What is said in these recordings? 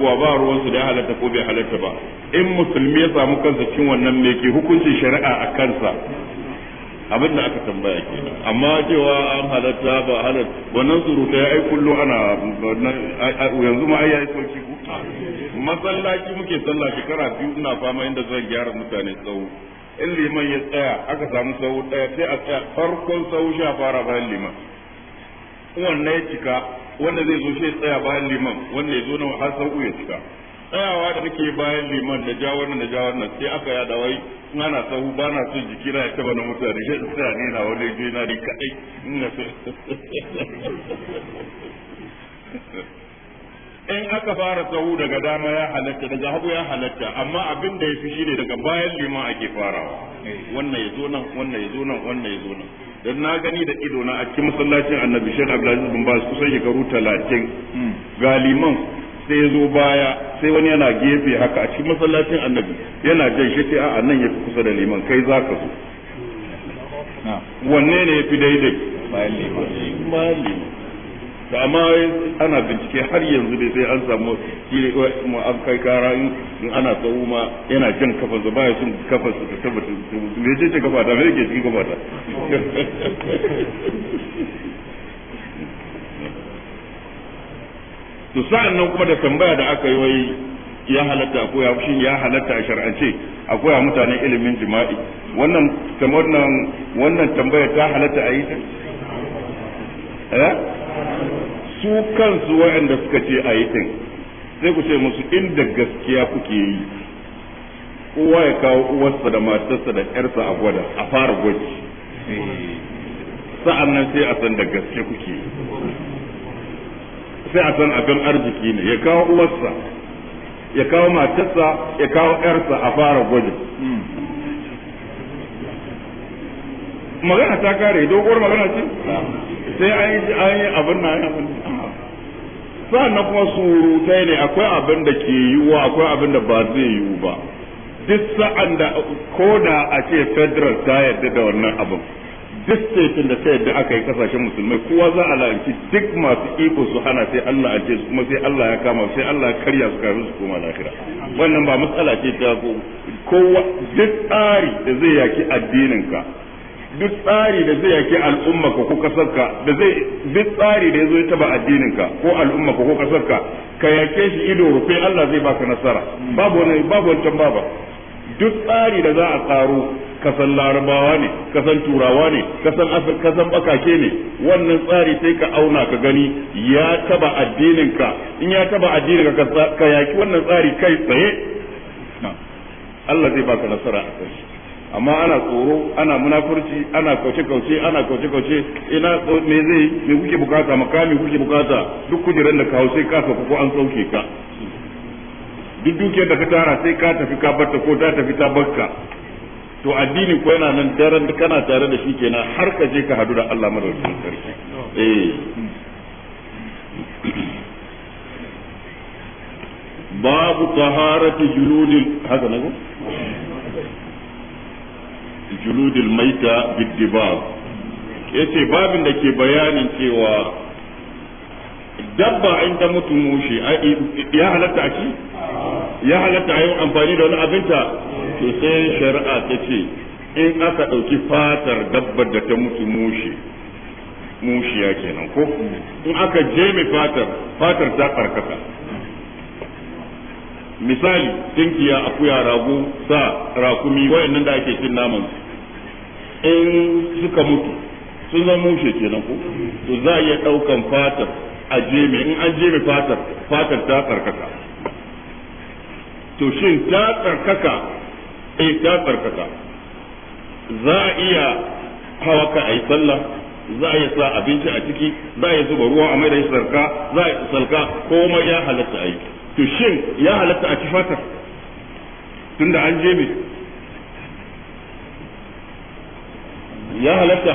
abubuwa ba ruwansu da ya halatta ko bai halatta ba in musulmi ya samu kansa cin wannan me ke hukuncin shari'a a kansa abin da aka tambaya ke amma cewa an halatta ba halatta wannan surutu ya ai kullu ana yanzu ma ai yayi sauki ku masallaci muke sallah shekara biyu ina fama inda zan gyara mutane tsawo in liman ya tsaya aka samu sau daya sai a tsaya farkon sau sha fara bayan liman wannan ya cika wanda zai zo shi tsaya bayan liman wanda ya zo na har sau ya cika tsayawa da nake bayan liman da jawar nan da ja nan sai aka yada wai in ana sahu ba na son jiki na ya taba na mutane shi tsaya ne na wani je na ni kadai ina so in aka fara sahu daga dama ya halatta daga hagu ya halatta amma abin da ya fi shi ne daga bayan liman ake farawa wannan ya zo nan wannan ya zo nan wannan ya zo nan dan na gani da ido na a cikin masallacin annabi shek abdulaziz bin baz kusan shekaru talatin hmm. galiman sai zo baya sai wani yana gefe haka a cikin masallacin annabi yana jan shi a nan ya fi kusa da liman kai za ka zo wanne ne ya fi daidai bayan liman to amma ana bincike har yanzu dai sai an samu shi mu an kai kara in ana tsawo ma yana jan kafan sa baya sun kafan su ta tabbata su me ce kafa ta me yake cikin kafa ta to sa'an nan kuma da tambaya da aka yi wai ya halatta ko ya fushin ya halatta a shar'ance a koya mutane ilimin jima'i wannan wannan wannan tambaya ta halatta a yi ta eh su kansu waɗanda suka ce a yi ɗin sai ku ce musu inda gaskiya kuke yi kowa ya kawo uwarsa da matarsa da ƴarsa a gwada a fara gwaji sa'an nan sai a san da gaske kuke yi sai a san abin arziki ne ya kawo uwarsa ya kawo matarsa ya kawo ƴarsa a fara gwaji. magana ta kare doguwar magana ce sai an yi ayi yi abin na abin sa'annan kuma surutai ne akwai abin da ke yiwuwa akwai abin da ba zai yiwu ba duk sa'an da ko da a ce federal ta yadda da wannan abin duk saitin da ta yadda aka yi kasashen musulmai kowa za a la'anci duk masu iko su hana sai Allah a ce su kuma sai Allah ya kama sai Allah ya karya su kafin su koma lahira wannan ba matsala ce ta kowa duk tsari da zai yaki addinin ka duk tsari da zai yake al'umma ko kasarka da zai duk tsari da yazo ya taba addinin ka ko al'umma ko kasarka ka yake shi ido rufe Allah zai baka nasara babu wani babu wancan baba duk tsari da za a tsaro kasan larabawa ne kasan turawa ne kasan kasan bakake ne wannan tsari sai ka auna ka gani ya taba addinin ka in ya taba addinin ka ka yaki wannan tsari kai tsaye Allah zai baka nasara a kai amma ana tsoro ana munafurci ana kauce kauce ana kauce kauce ina me zai me kuke bukata makami kuke bukata duk kujeran da kawo sai ka ko an sauke ka duk dukiyar da ka tara sai ka tafi ka barta ko ta tafi ta barka to addini ko yana nan daren da kana tare da shi kenan har ka je ka hadu da Allah madaukakin sarki eh babu taharatu juludil haka ne juludil maita biddibab yace babin da ke bayanin cewa dabba inda mutum mushi ya halatta a ci ya halatta a amfani da wani abinta sosai shari'a ta ce in aka ɗauki fatar dabbar da ta mutu mushi mushiya kenan ko in aka je mai fatar fatar ta karkata misali tinkiya akuya rago sa rakumi wayannan da ake cin naman in suka mutu sun zama mushe kenan ko to za a iya ɗaukan fatar a jeme in an jeme fatar fatar ta tsarkaka to shin ta tsarkaka eh ta tsarkaka za a iya hawa ka a yi sallah za a iya sa abinci a ciki za a iya zuba ruwa a maida shi sarka za a iya salka komai ya halatta a yi to shin ya halatta a ci fatar tunda an jeme ya halatta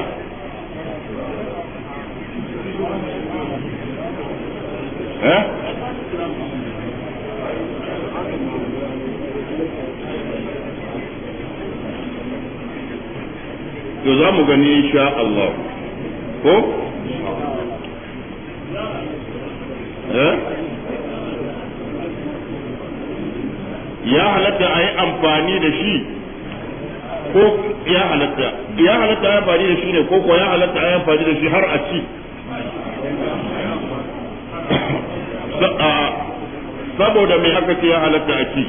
to za mu gani sha Allah ko ya halatta a yi amfani da shi ko ya halatta ya halatta ya fari da shi ne ko ko ya halatta ya fari da shi har a ci saboda mai haka ce ya halatta a ci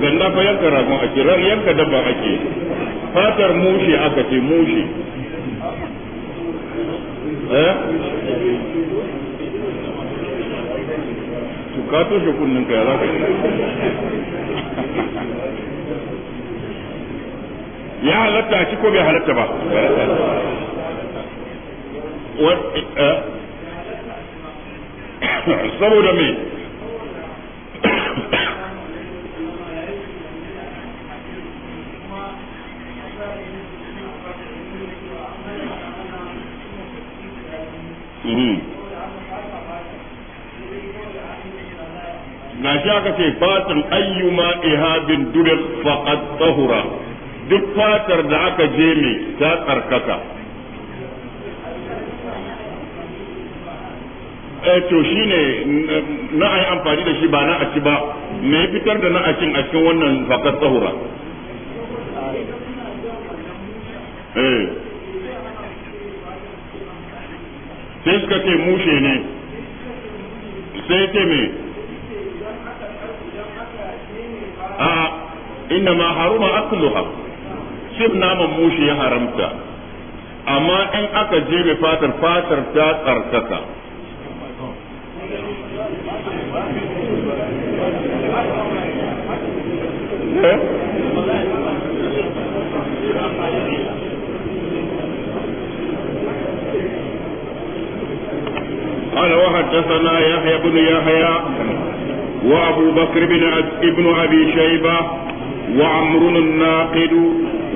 ganda fa yanka ragon ake ran yanka dabba ake fatar mushe aka ce mushe eh to ka toshe kunnin ka ya za ka yi ya halatta ci ko bai halatta ba eh, eh. saboda me Mm-hmm. na shi aka ce fatan ayyuma ihabin durat faqad tsahura duk fatar da aka je mai ta tsarkaka eh, to to ne na yi amfani da shi ba na aci ba me fitar da na acin a cikin wannan faqad tsahura eh sai suka ce mushe ne sai ce me a inna ma haruma akluha shin naman mushi ya haramta amma in aka je fatar fatar ta tsarkaka eh? قال وحدثنا يحيى بن يحيى وأبو بكر بن ابن أبي شيبة وعمر الناقد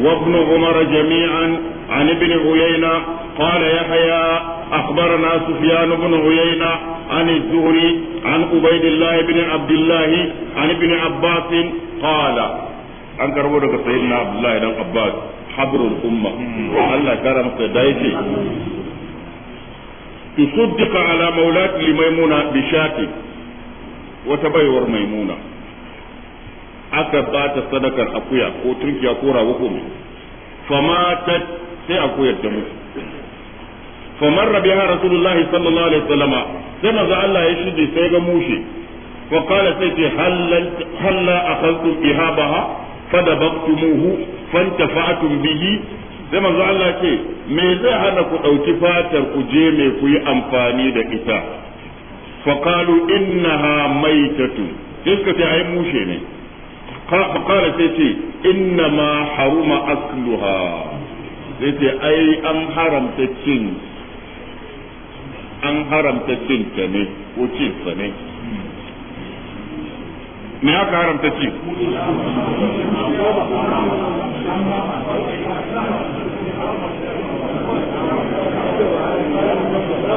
وابن عمر جميعا عن ابن عيينة قال يحيى أخبرنا سفيان بن عيينة عن الزهري عن عبيد الله بن عبد الله عن ابن عباس قال an karbo daga عبد abdullahi dan abbas habrul umma Allah kara maka da yake تصدق على مولاتي لميمونة بشاتي wata baiwar maimuna aka ba ta sadakar akuya ko turkiya ko rago ko mai ta sai akuyar ta mutu famar rabi ha rasulullahi sallallahu alaihi wasallama sai manzo Allah ya shige sai ga mushe fa qala sai ce halla akhadtum ihabaha fanta fantafa'tum bihi sai manzo Allah ce me zai hana ku dauki fatar ku je me ku yi amfani da ita فقالوا إنها ميتة تلك تعي موشي ne فقال سيتي إنما حرم أكلها سيتي أي أم حرم تتشين أم حرم تتشين تني وتشين تني me aka haramta ci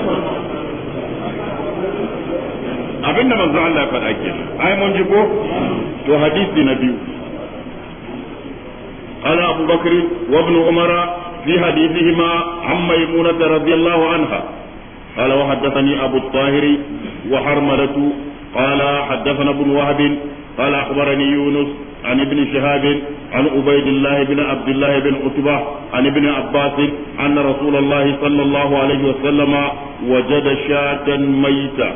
Thank you. abinda manzo Allah ya faɗa ke ai mun ji ko to hadisi na biyu قال أبو بكر وابن عمر في حديثهما عن ميمونة رضي الله عنها قال وحدثني أبو الطاهر وحرملة قال حدثنا ابن وهب قال أخبرني يونس عن ابن شهاب عن عبيد الله بن عبد الله بن عتبة عن ابن عباس أن رسول الله صلى الله عليه وسلم وجد شاة ميتة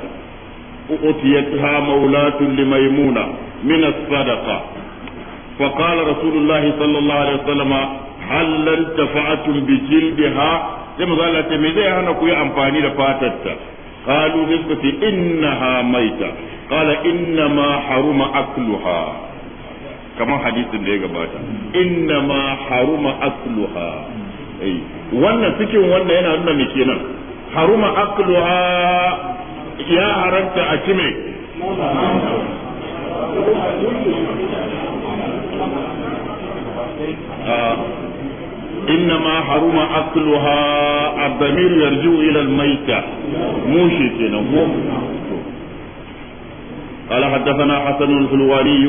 أتيتها مولاة لميمونة من الصدقة فقال رسول الله صلى الله عليه وسلم هل انتفعتم بجلدها لما قال تميزي أنا كوي أمفاني لفاتت قالوا نسبة إنها ميتة قال إنما حرم أكلها كما حديث اللي قباتا إنما حرم أكلها أي وانا سكين وانا ينا وانا مكينا حرم أكلها ya haramta a ci mai إنما حرم أكلها الضمير يرجع إلى الميتة موشي كنا قال حدثنا حسن الحلواني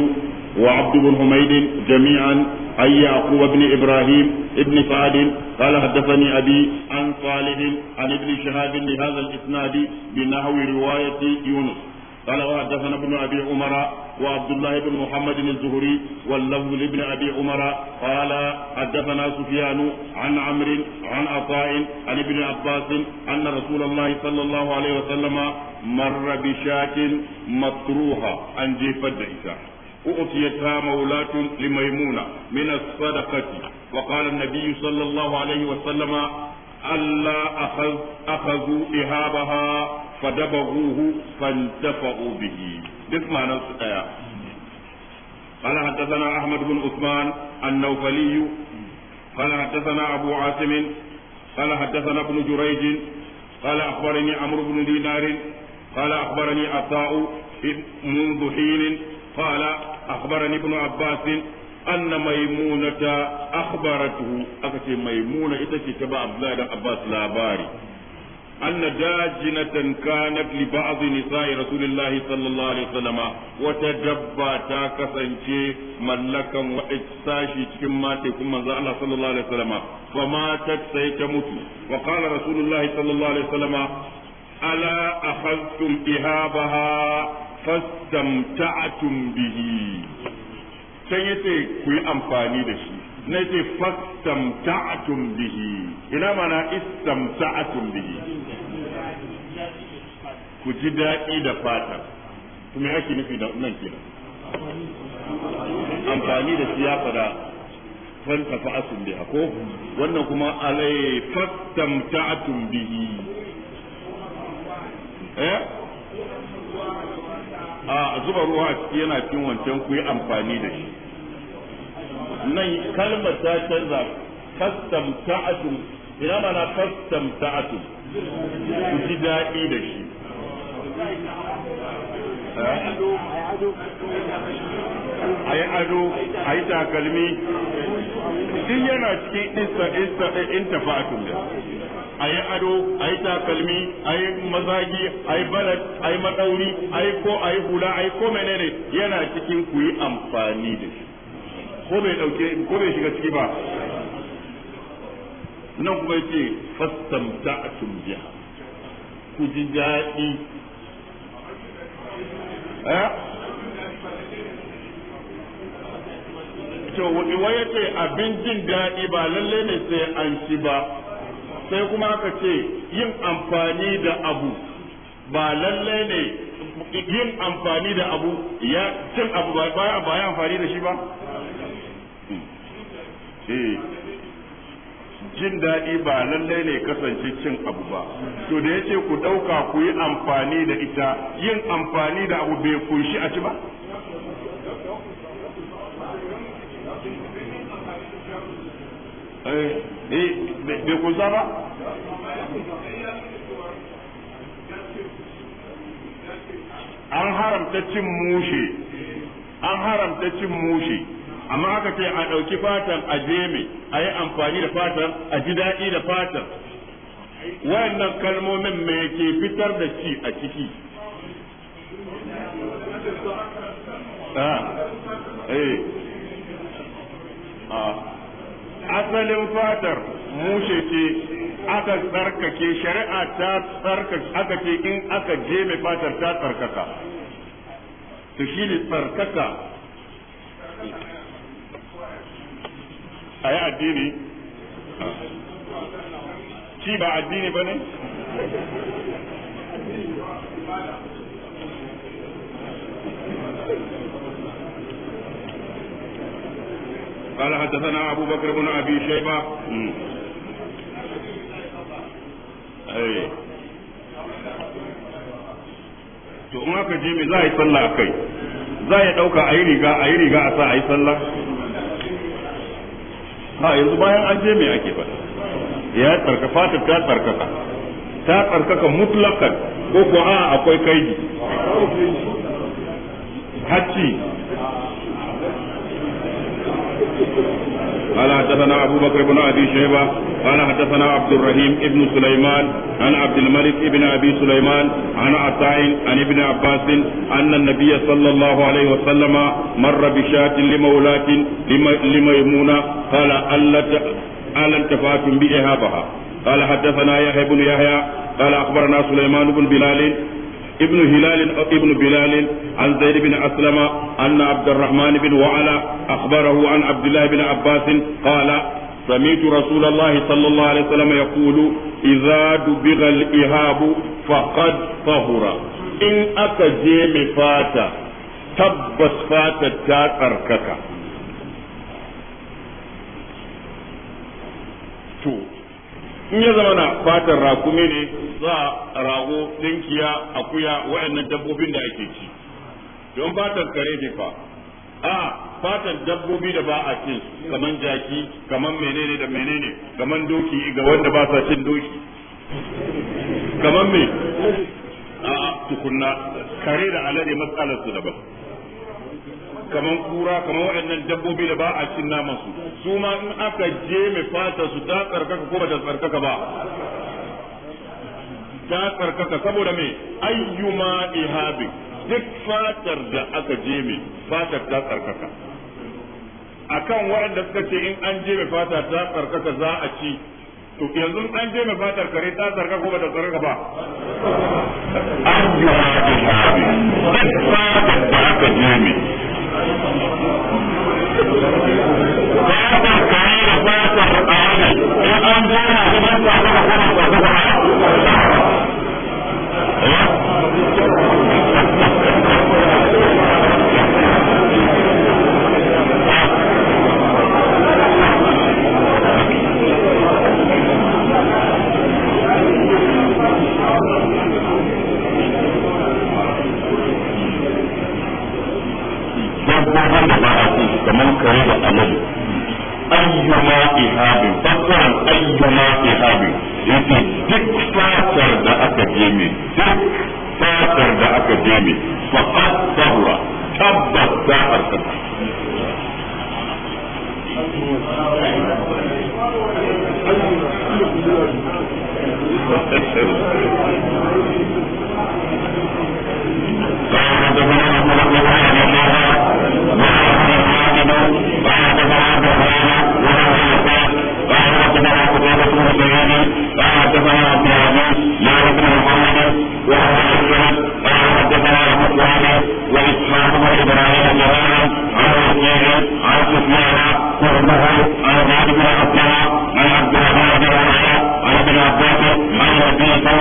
وعبد بن حميد جميعا عن يعقوب بن ابراهيم ابن سعد قال حدثني ابي عن صالح عن ابن شهاب لهذا الاسناد بنحو روايه يونس قال وحدثنا ابن ابي عمر وعبد الله بن محمد الزهري واللفظ لابن ابي عمر قال حدثنا سفيان عن عمرو عن عطاء عن ابن عباس ان رسول الله صلى الله عليه وسلم مر بشاة مطروحه عن جيف عيسى أعطيت مولاة لميمونة من الصدقة وقال النبي صلى الله عليه وسلم ألا أخذ أخذوا إهابها فدبغوه فانتفعوا به اسمع نفس آية قال حدثنا أحمد بن عثمان النوفلي قال حدثنا أبو عاصم قال حدثنا ابن جريج قال أخبرني عمرو بن دينار قال أخبرني عطاء منذ حين قال أخبرني ابن عباس أن ميمونة أخبرته أكتي ميمونة إتكي تبع عبد الله عباس لاباري أن داجنة كانت لبعض نساء رسول الله صلى الله عليه وسلم وتدبى تاكسنشي ملكا وإتساشي كما تكون الله صلى الله عليه وسلم فماتت سيتموت وقال رسول الله صلى الله عليه وسلم ألا أخذتم إهابها fastamta'tum bihi can yace ku yi amfani da shi na yace fastamta'tum bihi ina mana istamta'tum bihi ku ji daɗi da fata kuma ake nufi da nan kenan amfani da shi ya fada fanta fa'atun biha ko wannan kuma alai fastamta'tum bihi eh a zuba ruwa a ciki yana cin wancan ku yi amfani da shi nan kalmar ta canza kastam kastamta'atun ina mana kastamta'atun ku ji daɗi da shi a yi ado a yi takalmi duk yana cikin inta fa'atun da a yi ado a yi takalmi a yi mazagi a yi balad a yi maɗauri a yi ko a yi hula a yi ko menene yana cikin ku yi amfani da shi ko bai ɗauke ko bai shiga ciki ba nan kuma yace fastamta atum tumbiya ku ji daɗi eh? to waye ce abin jin daɗi ba lalle ne sai an ci ba sai kuma aka ce yin amfani da abu ba lalle ne yin amfani da abu ya cin abu ba ba ya amfani da shi ba eh jin daɗi ba lallai ne kasance cin abu ba to da yace ku ɗauka ku yi amfani da ita yin amfani da abu bai kunshi a ci ba bai eh, kusa ba an haramta cin mushe an haramta cin mushe amma aka ce a ɗauki fatan a jeme a yi amfani da fatan a ji daɗi da fatan Wannan kalmomin me ke fitar da ci a ciki a ah, eh ah. asalin fatar mushe ce aka tsarkake shari'a ta tsarkake aka ce in aka je mai fatar ta tsarkaka to shi ne tsarkaka a yi addini ci ba addini ba ne Thank you. قال حدثنا أبو بكر بن أبي شيبة أي to in aka je me za a yi sallah a kai za a ɗauka a yi riga a yi riga a sa a yi sallah ha yanzu bayan an je me ake ba ya tsarka fata ta tsarkaka ta tsarkaka mutlakan ko ko a akwai kaidi hacci قال حدثنا أبو بكر بن أبي شيبة قال حدثنا عبد الرحيم ابن سليمان عن عبد الملك ابن أبي سليمان عن عطاء عن ابن عباس أن النبي صلى الله عليه وسلم مر بشاة لمولاة لميمونة قال ألا انتفعتم بإهابها قال حدثنا يحيى بن يحيى قال أخبرنا سليمان بن بلال ابن هلال أو ابن بلال عن زيد بن أسلم أن عبد الرحمن بن وعلى أخبره عن عبد الله بن عباس قال سمعت رسول الله صلى الله عليه وسلم يقول إذا دبغ الإهاب فقد طهر إن أكجيم فاتا تبس فاتا تاتركك تو in ya zama na fatan rakumi ne za a rago dinkiya akuya wayannan dabbobin da ake ci don fatan kare ne fa a fatan dabbobi da ba a cin kaman jaki kaman menene da menene kaman doki ga wanda ba sa cin doki kaman me a tukunna kare da alade matsalar su daban kaman kura kaman waɗannan dabbobi da ba a cin naman su su ma in aka je mai fata su ta tsarkaka ko ba ta tsarkaka ba ta tsarkaka saboda me ayyuma ihabi duk fatar da aka je mai fatar ta tsarkaka akan waɗanda suka ce in an je mai fata ta tsarkaka za a ci to yanzu an je mai fatar kare ta tsarkaka ko bata tsarkaka ba an ihabi duk fatar da aka je mai Thank you. kaman kare da alade ayyuma ihabi fasaran ayyuma ihabi yake duk fatar da aka jeme duk fatar da aka jeme faqad sahura tabbas za a tsaka وہاں بڑے بنانے میں جانا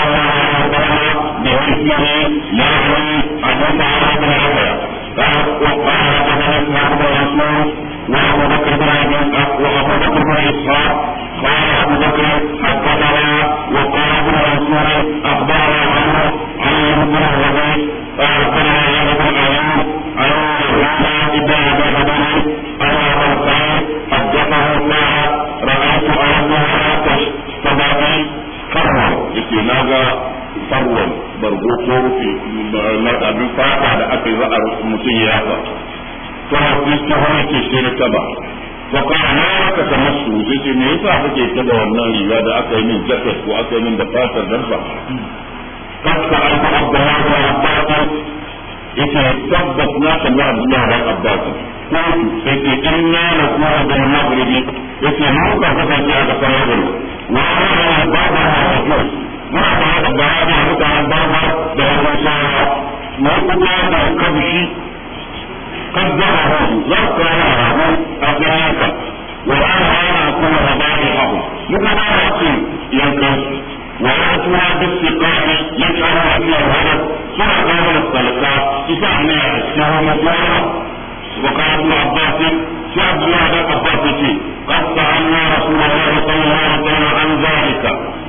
ہے taba fa ka tamassu me yasa kake taba wannan riga da aka yi min jacket ko aka yi min da fatar ta tabbas na sai inna na kuma da mu ka a kasar maghribi wa ana ba da hajjus ma ba da ba da mutanen ba da wannan da kabshi قد جعله يبقى يعلم أبنائك والآن أرى كل ربائعهم لماذا يقول ينقص ويأتوا بالسقاط يشعر في الهدف سرعة هذا الطلقات تسعنا الشهر مجموعة وقال ابن عباس شعب الله عباس قد سألنا رسول الله صلى الله عليه وسلم عن ذلك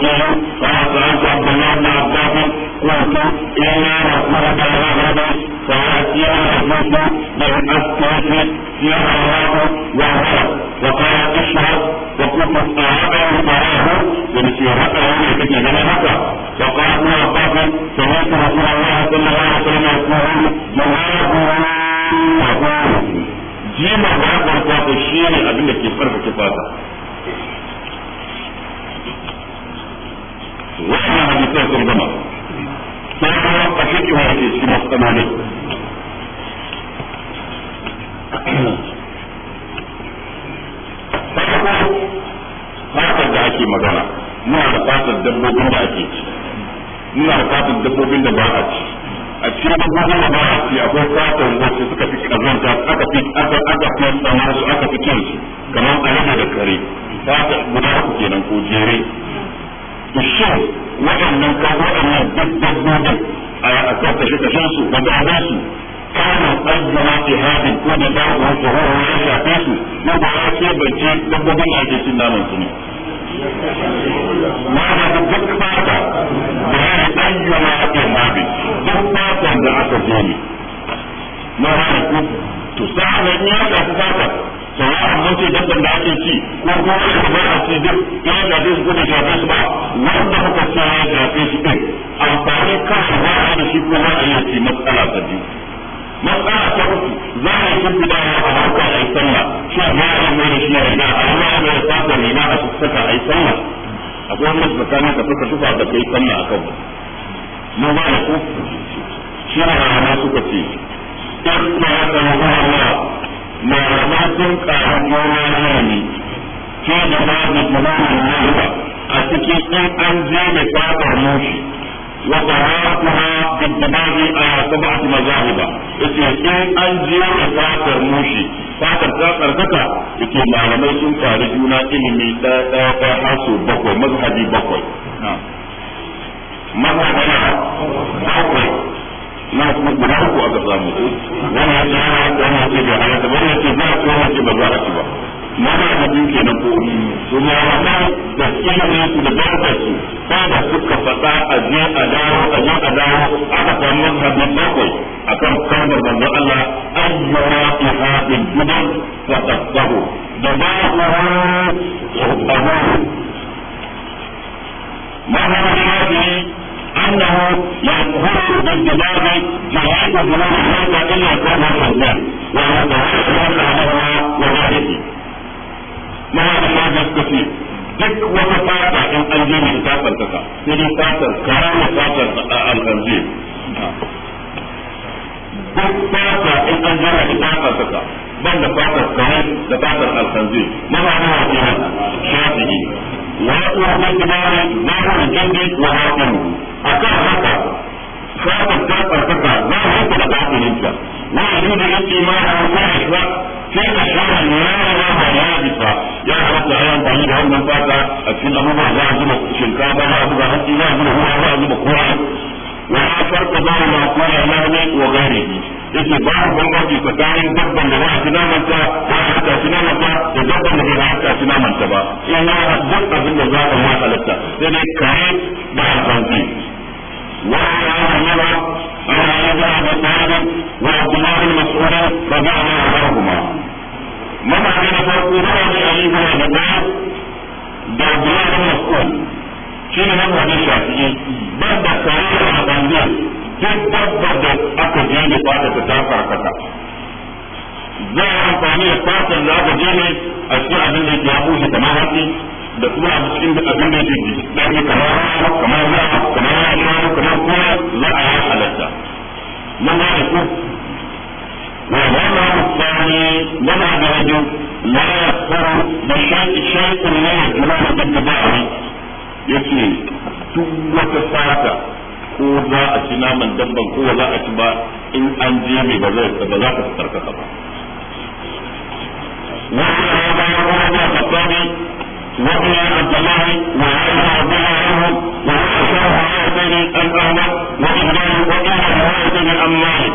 آپ کو جی میں پاس wannan hadisai sun gama sai kuma a fiƙi wa yake cikin wasu tsanani farko fatar da ake magana muna da fatar dabbobin da ake ci muna da fatar dabbobin da ba a ci a cikin dabbobin da ba a ci akwai fatar wacce suka fi kazanta aka fi aka fi sama su aka fi cin su kamar alama da kare fata guda uku kenan ko jere da shan waɗannan kawo waɗannan dabbobin a kan kashe-kashen su da gaba su kana tsazzama ke hadin ko da dawo su horo ya shafe su na ba a ce bace dabbobin ake cin naman su ne. Ma da duk fata da ya tsazzama ake mabi duk fatan da aka zo ne. Na rana ku to sa'an ya shafi fata da ya mace dabban da ake ci ko ko da ba a ci duk ya shafe su ko da shafe su ba wanda muka ce ya shafe su din amfani ka ba a da shi ko ba a yi ci matsala ta biyu matsala ta uku za a yi kuma da a hauka a yi sallah shi a ya yi mai da shi ya riga a yi mai da fata ne na a su saka a yi sallah akwai wani tsakanin ka saka tufa da kai sallah a kan ba mun ba da ku shi ne a suka ce in ya ta mazuwa malama sun ƙara gona ne ke da ba da kuma ba a cikin in an je da kwakwar mushi wa qara'atuha bi tabahi a sab'ati mazahiba yace in an je da kwakwar mushi fatar ta tsarkaka yake malamai sun ƙari juna ilimi ɗaya ɗaya ɗaya har sau na kuma guda uku aka samu wani ya tsara wani ya ce bai halatta wani ya ce za a ci wani ya ce ba za a ba mana da biyu ke na ko su ma wata da kiyaye su da barka su sai da suka a je a dawo a je a dawo aka samu hadisi bakwai akan kawar manzo Allah ayyara ihadin duban wa tasbahu da ba ku hubbahu ma hada انه لا تهاجم الجنازه ما يعجب لنا هذا الا كونها حزاء وهذا حزاء لها وغيرها ما هذا هذا الكثير ذك وفاقة الألزيم من فاقة الفتاة يجي فاقة الكرام وفاقة الألزيم ذك فاقة الألزيم من فاقة بل فاقة الكرام لفاقة الألزيم ما معناها في هذا؟ ya yi wa nan ya jirgin a kan haka na da yake ma a sai ka ne ya yi wa ya yi bisa ya da fata a cikin abubuwa za a zuba shinkafa za a zuba za a zuba ruwa za a zuba kowa a ma ya wa gane yake babu bambanci tsakanin dabban da za a ci naman ta za a ta ci naman ta da dabban da ba a ci naman ta ba in ya duk abin da za ka ma halatta sai dai kare ba a sanki وعن عمر عن ابي ابي طالب وعبد الله بن مسعود رضي الله عنهما مما كان فرق رأي أبي هريرة عبد الله بن مسعود شنو مذهب الشافعي بعد الصلاة على duk dabbar da aka je ne ba ta ta farkata za a amfani da fatan da aka je ne a cikin abin da ya bushe kamar hatsi da kuma a cikin abin da ya ji dani kamar kamar za kamar ya kamar kuma za a yi halatta mun ga ku wa wala mutane wala da wajen la yasaru da shaƙi shaƙin ne da jama'a da ba yi yace duk wata fata ko za a ci naman dabban ko za a ci ba in an je mai ba za ka fitar karkata ba وقال عمر الخطاب وقال عبد الله وعائشة رضي الله عنهم وعائشة رواية عن أحمد وإبراهيم وقال رواية عن مالك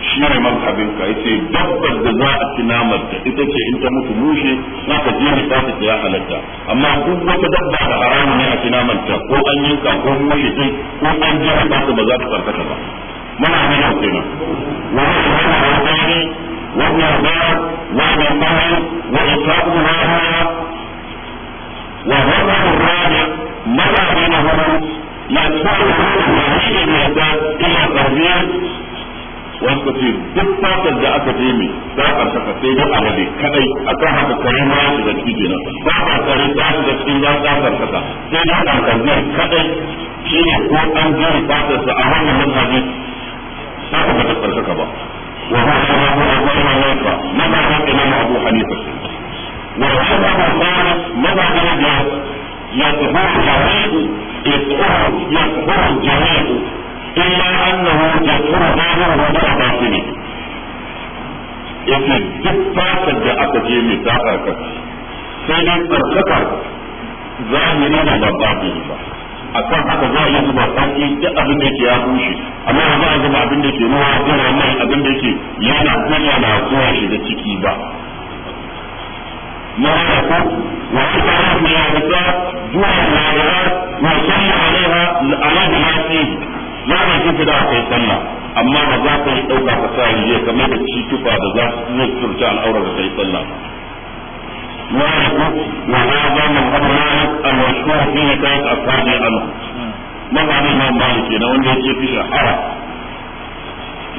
shi ne mazhabin ka yace dabbar da za a ci namar ta ita ce in ta mutu mushe za ka je ne ta ya halatta amma duk wata dabba da haramu ne a ci namar ta ko an yanka ko mushe din ko an je ba ta ba za ta karkata ba muna ne yau kenan wani yana hawani wani ba wani mai wani tabu na haya wa na rana mala ne na hulu la tsari da hulu ne da ila wanda ce duk fatar da aka je mai za a saka sai da alade kadai a kan haka kare ma ya shiga ciki kenan ba a kare ta shiga cikin ta karkata sai da kankazi kadai shi ne ko an jere fatar su a wannan manhaji za ka bata karkaka ba wa shi ma ma na ba abu hanifa wa shi ma ba na ba ya illa annahu yaqulu zahiran wa la yake duk fatar da aka je mai ta harkar sai dai tsarkaka zahiri na da batini ba a kan haka za a yi zuba sarki duk abin da ke ya bushe amma ba za a zuba abin da ke ruwa yana mai abin da ke yana kuma na zuwa shiga ciki ba مرأة وحفظت zuwa النساء دون العبادات وصلى عليها على بناتيه ya mai ki da kai sanna amma ba za ka yi dauka ka sa yi kamar da shi tufa da za su yi turta al'aura da kai ma. وهذا من أمر المشهور في نكاية أصحاب الأمر ماذا عن الإمام مالك هنا وين يجي في شهر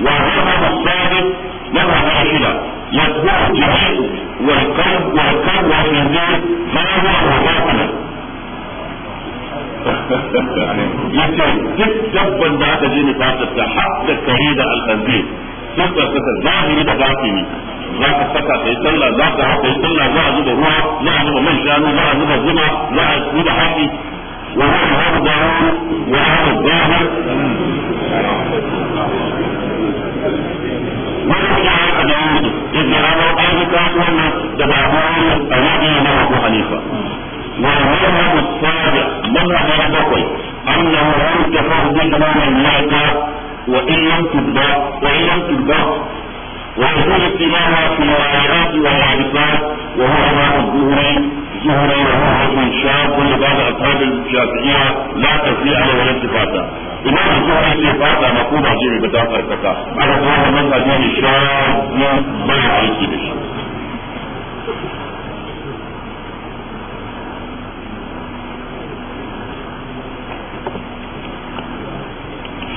وهذا الصادق ماذا wa الشدة يتبع الجميع والقلب والقلب والخنزير ما هو ne. yace duk dabban da aka je nifasa ta hadda kare da alhanzir duk da suka zahiri da batini za ka saka kai sallah za ka haka sallah za a zuba ruwa za a zuba man shanu za a zuba zuma za a zuba haƙi wa hada da wa hada zahir wannan ya haka da yanzu idan ana ɗaukar wannan da ba a wani a wani na Abu Hanifa والمذهب السابع مذهب بقي أنه ينتفع بكلام الملكة وإن لم تبدأ وإن لم تبدأ ويكون اتباعها في الروايات والعرفات وهو ما الظهري ظهري وهو رجل شاب ولبعض أصحاب الشافعية لا تفريع له ولا التفاتة إمام الزهري في فاتة مقوم عجيب بتاقة الزكاة على ظهر من أجيب شاب ما يعيش بشيء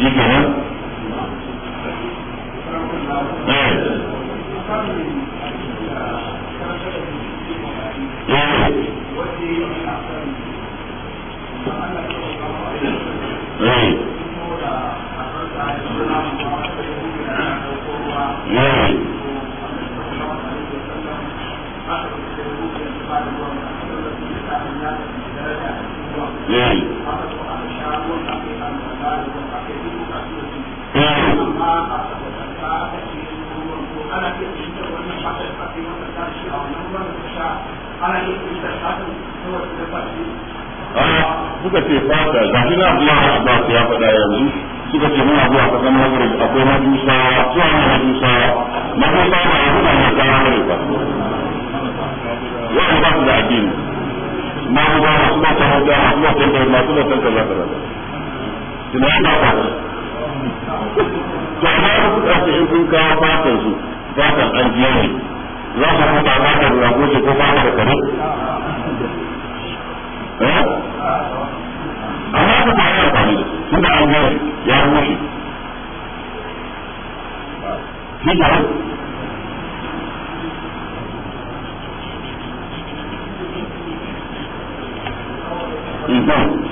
shi kenan Yeah. Eh. Eh. Eh. suka ce fata ga shi na Abdullahi Abbas ya faɗa yanzu suka ce muna zuwa akwai ba ta ba wani ba su da addini ta hujja suna tantar masu ta to amma ku da in kun kawo fatan su fatan an ji ne za ku haɗa fatan ce ko fatan da kare eh? amma ku ba ya amfani da su tunda an ya rushe shi Mm-hmm.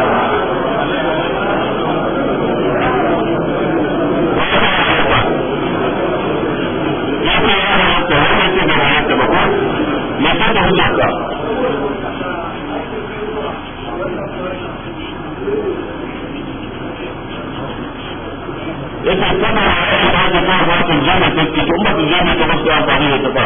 suratul ahzab yasa kana ya ga ta ba ta jama ta ce to ba ta jama ta ba ta amfani da ta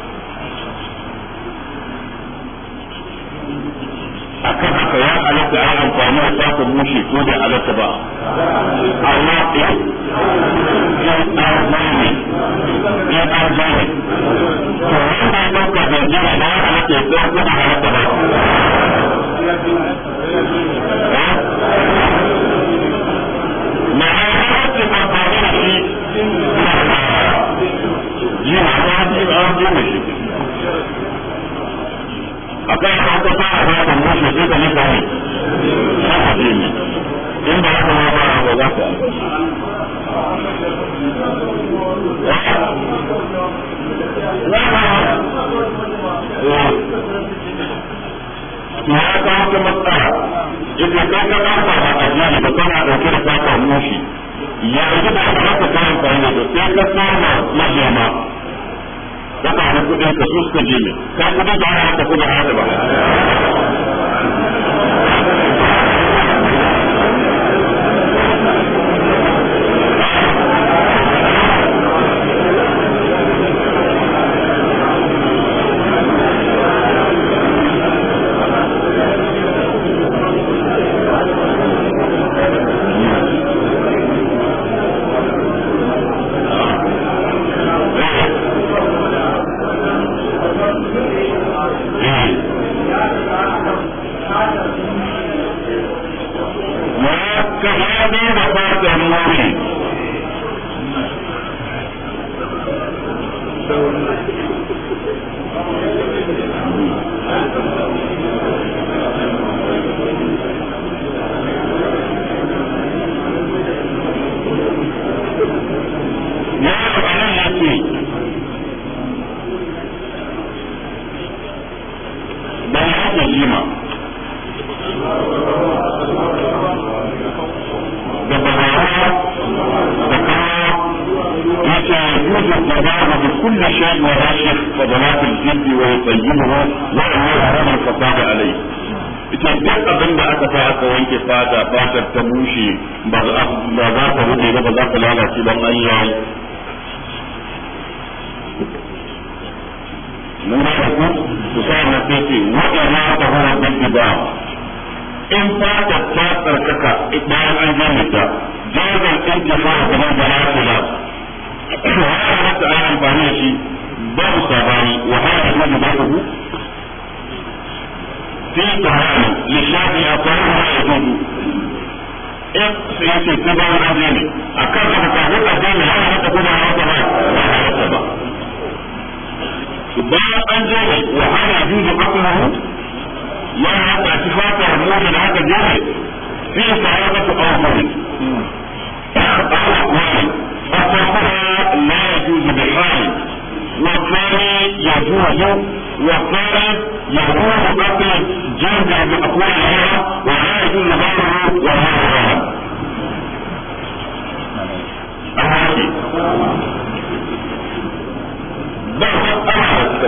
akan haka ya halatta ai amfani da tsaka bushe ko da halatta ba amma in arzani in arzani to wanda ya ɗauka zanjira na ya halatta ya tsaya ko halatta ba Yeah, I'm not even you. akan shi ko ta ba ta mushi sai ka nika ne in ba ka ma ba ba za ka ya ka wata matsala yake kai ka kafa ba a jini ba kana ɗauke da kafa mushi ya yi da aka kafa amfani da sai ka kama majama کو میں کیا سوستی ہے تو کبھی بڑا لگا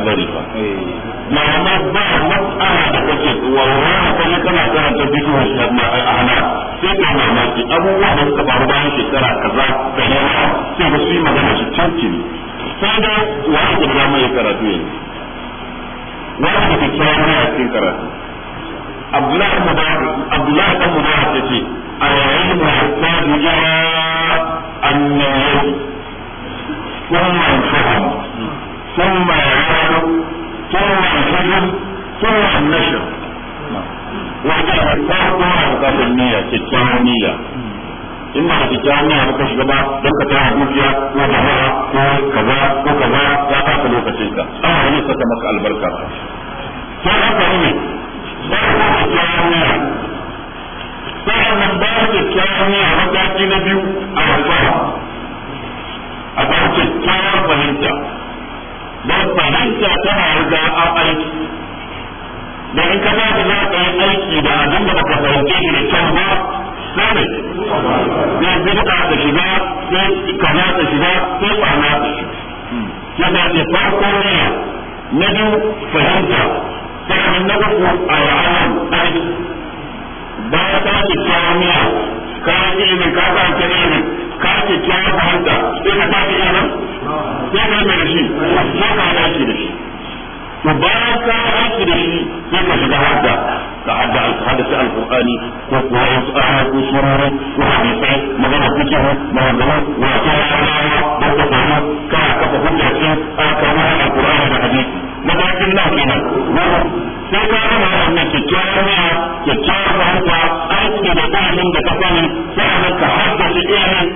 nazari ba ma'ana ba mas'ala da kake wallahi kuma kana karanta fiqh a ana. sai ka mamaki abubuwa da suka faru bayan shekara kaza da yawa sai ba su yi magana su canci ne sai da wani da dama ya karatu yanzu wani da kyakkyawan ya cikin karatu Abdullahi Mubarak Abdullahi dan ce a yayin da ta jira annabi kuma fahimta ثم العاد ثم الفجر ثم النشر وحدة الفرق ما بقى النية تتساوى النية in ba ka kira ne ba ka shiga ba don ka tara dukiya ko jama'a ko kaza ko kaza ya baka lokacin an albarka ba ta kira ne a mataki na biyu a rayuwa a ba fahimta don fahimta tana riga a aiki da in ka da za ka yi aiki da abin da baka fahimce shi da kyau ba sai ne sai bid'a ta shiga sai kaza ta shiga sai na ta shiga yana ce farko ne na biyu fahimta sai na uku al'amun aiki ba ya ta kyakkyawan niyya ka yi ilimin ka ba ta ilimin ka kyakkyawan fahimta sai ka tafi ilimin sai ka yi da shi sai ka yi aiki da shi to bayan ka yi aiki da shi sai ka shiga hadda da hadda alhadasa alqur'ani ko kuwa wasu ayoyi ko surori ko hadisai magana fikihu magana wa ta rawa da ta fahimta ka kafa hujja ce a kama alqur'ani da hadisi matakin na kenan sai ka gama wannan kyakkyawar ma kyakkyawar fahimta aiki da ilimin da ka sani sa'annan ka haddace ilimin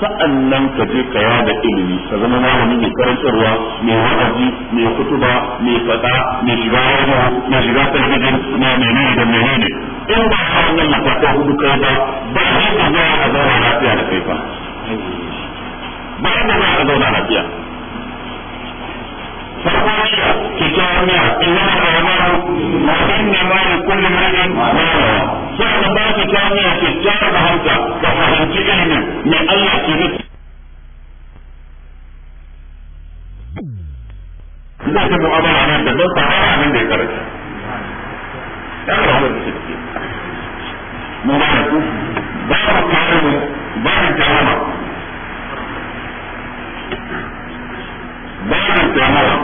sa'annan ka je ka yada ilimi ka zama malami mai karantarwa mai wa'azi mai kutuba mai fada mai shiga wani mai shiga talabijin na menene da menene in ba a wannan mataka hudu kai ba ba yadda za a zauna lafiya da kai ba ba yadda za a zauna lafiya فقال كتاب إنما العلماء وإنما لكل امرئ ما نوى سأل بعض كامية كتاب فهمت وفهمت علما من الله كبت ده كده أضل عمل ده ده طبعا عمل ده درجة أخرى مبارك بعض التعلم بعض التعلم بعض التعلم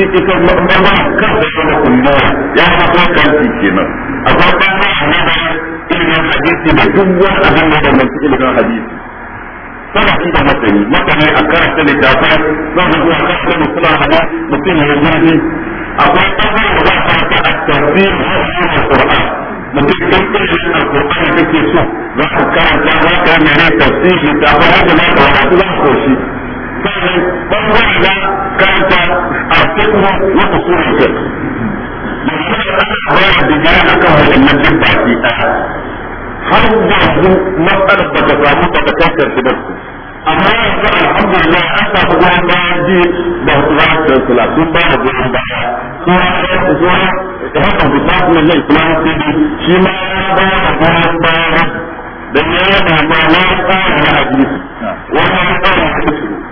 shi ita mamma kan da yana kunna ya ma ko kanti kenan akwai kuma annabi ilimin hadisi da duk wani abin da ban ci ilimin hadisi sama inda masani masani a karanta littafai za mu zuwa karanta musula da mutum ya zurfi akwai kafar da za a ta a tafsir harshen alquran mutum kan kirkin alquran da kake so za ka karanta za ka mai tafsir littafai har da za ka wani za ka koshi sannan bangare na karanta a cikin na usulun fiqh bayar da gaya a kan waɗannan duk baki ɗaya har yanzu matsalar ba ta samu ba ta kankan su ba amma yanzu alhamdulillah an samu goyon baya ji da hukumar kansula sun ba da goyon baya su ya su zuwa da haka bisafin na islamu sai shi ma ya ba da goyon baya da ya yana ma na tsara na hadisi wannan tsarin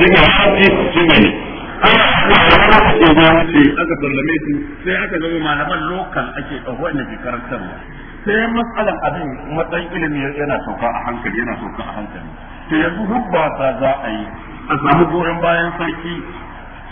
shi ne hafi aka sallame su sai aka zama malaman lokal ake ɗauko wanda ke karantarwa sai matsalan abin matsayin ilimi yana sauka a hankali yana sauka a hankali sai yanzu hubba ta za a yi a samu goyon bayan sarki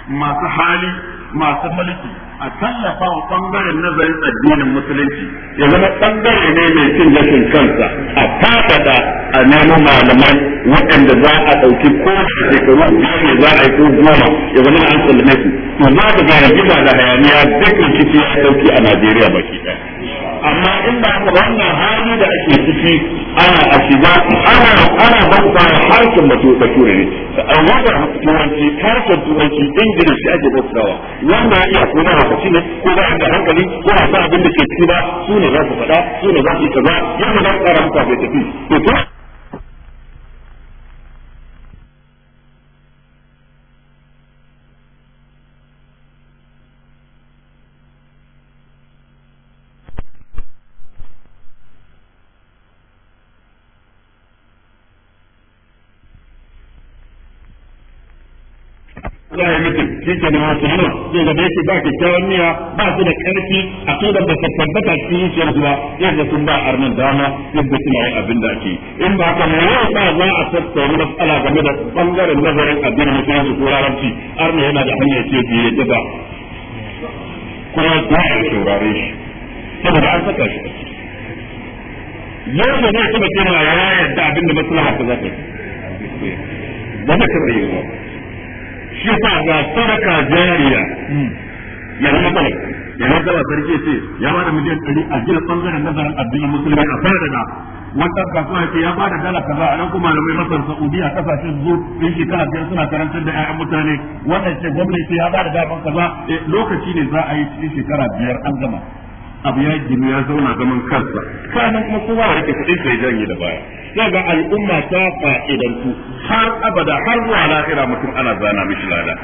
masu hali masu mulki a tallafa wa bangaren nazarin addinin musulunci ya zama ɓangare ne mai cin gashin kansa a fadada a nemo malamai waɗanda za a ɗauki ko shekaru biyar za a yi ko goma ya zama an sallame su to za ka ga da hayaniya duk rikici ya ɗauki a Najeriya baki ɗaya amma in ba wannan hali da ake ciki ana a shiga ana ana bauta harshen da tuka ture ne a da turanci harshen turanci ingilish shi ake bautawa wanda ya iya kuma shi ne ko ba da hankali ko a sa abin da ke ciki ba su ne za su faɗa su ne za su yi kaza yadda za su tsara mutane tafi to za a mutum shi na wasu zai zama ba kyakkyawan niyya ba su da karfi a su da ba su tabbata zuwa yadda sun ba arnan dama da ake in ba haka mai yau ba za a tattauna matsala game da bangaren nazarin addinin musulunci ko larabci arna yana da hanyar ce ba kuma za a yi saurare shi saboda an saka shi yau da zai ya yarda abin da yi ba shi yasa ga sadaka jariya hmm. ya zama talaka ya zama talaka sarki ce ya da miliyan ɗari a gina ɓangaren nazarin addinin musulmi a fara da wata kasuwa ce ya bada dala kaza a nan kuma malamai masar a kasashen zo in shekara biyar suna karantar da 'yayan mutane wannan ce gwamnati ya bada daban kaza eh, lokaci ne za a yi cikin shekara biyar an gama abu ya ginu ya zauna zaman kansa Kana kuma kowa ya rike kuɗin sai janye da baya sai ga al'umma ta fa'idantu har abada har zuwa lahira mutum ana zana mishi lada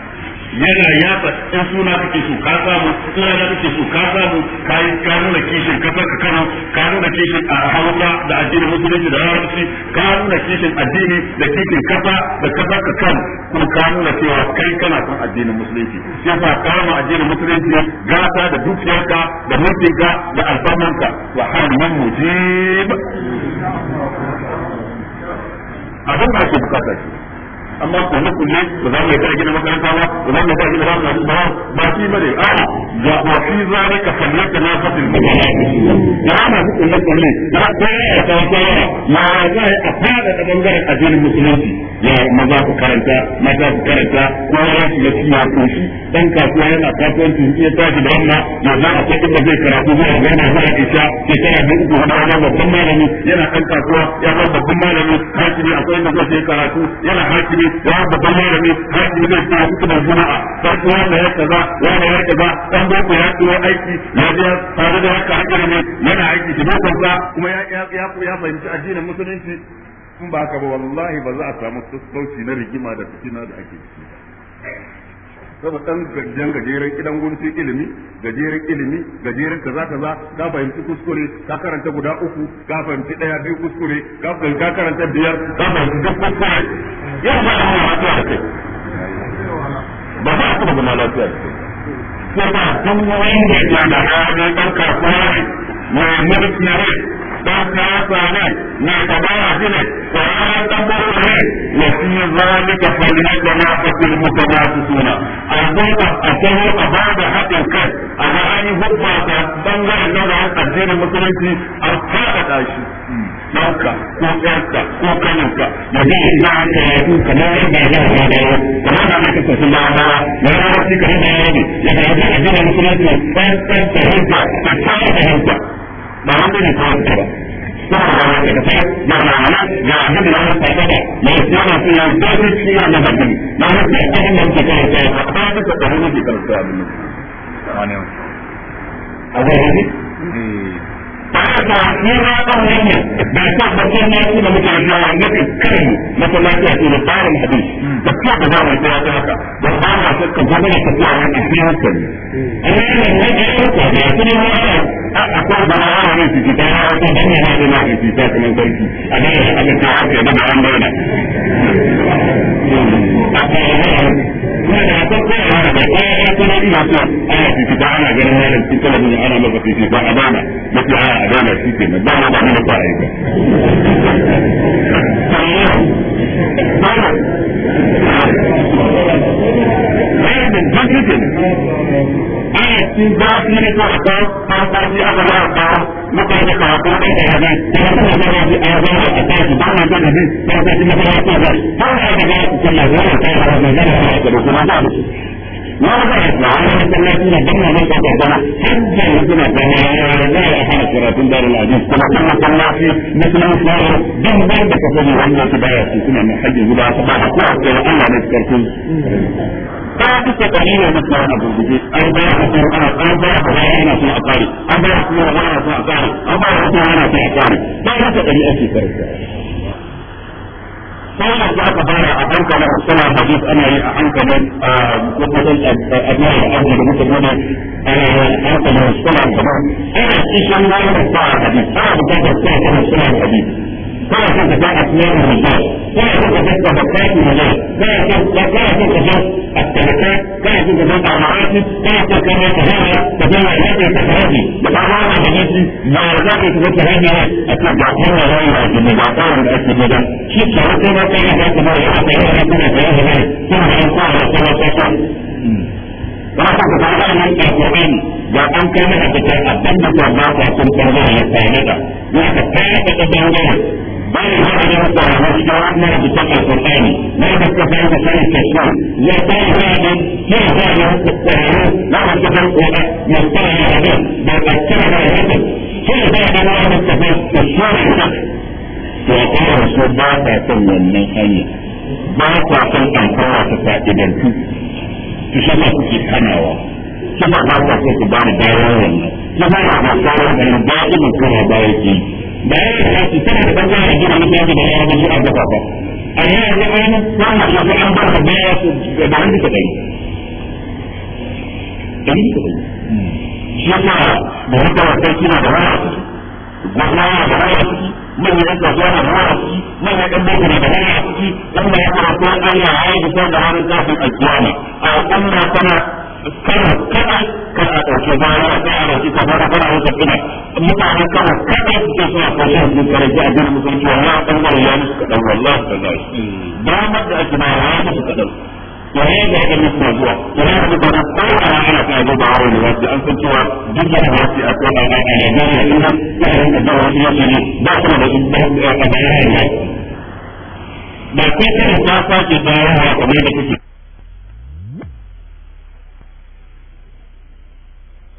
yana yafa in suna kake so ka samu in rana kake so ka samu ka yi ka kishin kasar ka kano ka nuna kishin a ah, hausa da addinin musulunci da larabci ka nuna kishin addini da kishin kasa da kasar ka kano kuma ka nuna cewa kai kana son addinin musulunci sai ka kama addinin musulunci gata da dukiyarka da mutunka da alfamanka wa halman mujib abin da ke bukatar shi amma kullu kullu ba za mu yi gina makaranta ba ba za mu yi gina ba ba ba shi bane a ya wa fi zalika fannaka na fadil ya ana hukun na kullu na koyar da koyar ma za a fara da bangaren addinin musulunci ya maza ku karanta maza ku karanta kowa shi ya fiya ko shi dan kasuwa yana kasuwanci ya tashi da wannan ya za a kai da zai karatu zai gana zai isha shekara da uku hada wani babban malami yana kan kasuwa ya zama babban malami hakimi akwai da zai karatu yana hakimi ya babban malami har da zai tsaya uku da juma'a ba kuma da ya kaza ya da ya kaza dan boko ya aiki ya je tare da haka ne yana aiki da boko kuma ya ya ya fahimci addinin musulunci in ba haka ba wallahi ba za a samu sassauci na rigima da fitina da ake ciki saba san gajen gajeren idan gunci ilimi gajeren ilimi gajeren kaza kaza ka fahimci kuskure ka karanta guda uku ka fahimci daya biyu kuskure ka ka karanta biyar ka fahimci duk kuskure ya ba da mu lafiya da kai ba ba ku da mu lafiya da kai sai ba duk wanda ya da hali dan kasuwa mai mulki ne باكاساني a ولا تبوهي وفي ذلك فليتنافس المتنافسون a أتوه أبعد حتى الكل أنا أني na تبنغر لنا عن الدين المسلمين أرقاء عايشين ɗauka ko ɗauka ko kananka da zai yi ba ka yaku kamar yadda ya zama da yau kamar da aka kasu ba ba ya zama wasu kamar da yau ne ya zama da ajiyar musulunci ɗan ɗan da hanta ta kama da hanta ba wanda ne kawai ta ba suna da wata da kai na ma'ana ga abin da wani sai kada ne suna da suna da suna da bakin na wani sai kada ne ke kai sai a kan da ta hanyar da karfi abin ne a zai yi Haka ne ba ta hanyar da ta bakin na su da mutane da wani nufin kai masallaci a cikin tsarin hadis da kuma da zamani ta wata haka da ba ma suka gaba da tafiya wani a cikin hankali. Ana yin wani da ya rukwa da ya fi ne akwai da yawa ne su fita ya wata dan yana da nafi fita kuma sarki a da ya haka ta haka da bayan bayan da akwai kowa da ba kowa ya kuma ina so ana fi fita ana ganin malam cikin talabijin ana masa fi fita a bana mafi a a bana shi ke nan ba ma ba ni da kwaye ba Thank you. من جسد أنا في بعض من الأخطاء أخطاء في أخطاء أخطاء مقعد أخطاء أي هذا تنظر لنا في آذار أخطاء بعض من هذا تنظر في مقعد أخطاء هذا هذا لا تسمى غير أخطاء هذا غير أخطاء وكما تعرف ما رجعت معنا الذين ضمن ليس بعضنا حتى يكون الضمائر لا يحرك راتب دار العزيز كما كنا كنا في مثل مصار ضمن بلدك فضل الله تبارك كنا من حج الجبعة صباح الصلاة وأنا نذكركم فاتت تقليلا مثل هذا الجزء أربعة أربعة أربعة أربعة في أقاري أربعة أربعة في أقاري أربعة في أقاري لا يوجد أي أشي فرق sai da aka fara a hankali suna hadis ana yi a hankalin lokacin abinai da abin da muke nuna hankalin suna gaba ana cikin wani da sa hadis ana bukatar sa kuma suna hadis kana son ka ga asmiyar da ba kana son ka ga da ba kana son ka ga التلفات كانت في جزيرة المعاصي كانت في كرة هذا تجمع هذه التفاهي بطبعا هذه ما رجعت في جزيرة هذا أتبع كرة هذا من بعطار الأسل هذا شيء شرطة ما كان هذا كما يعطي هذا كما في هذا هذا كما ينقال كما تشعر Rasa kepada yang Al-Quran Jangan kami ada kata Abang itu Allah Wa kumpulah Yang saya ada Yang kata Kata kata da Thank you. da ya kira shi tana da banza a gina mutum da ya yi a gaba ba amma yanzu an kwana da an ba da baya su da an duka ɗari ɗari duka ɗari shi yasa da wata wata kina da wani gwamna yana da wani manyan yan kasuwa na da wani manyan ɗan boko na da wani a ciki wanda ya karatu an yi a yi da sauran da hannun kafin alkiyama a wannan sana kano kada kar a ɗauke baya a kan a ɗauki kamar kar a wuce ina mutane kano kaɗai suke suna fashin su karanci a gina musulunci wannan a ɓangare ya musu kaɗan wallahi wallahi damar da ake ma ya musu kaɗan yi da ya musu zuwa yi da muka ko a ana kan abubuwa a wani wasu an san cewa duk da ya wasu a kan ana a Najeriya ina yayin da ba wasu yake ne ba kuma da in ba a bayan ba ba kai kana ta sake bayan wa kamar da kuke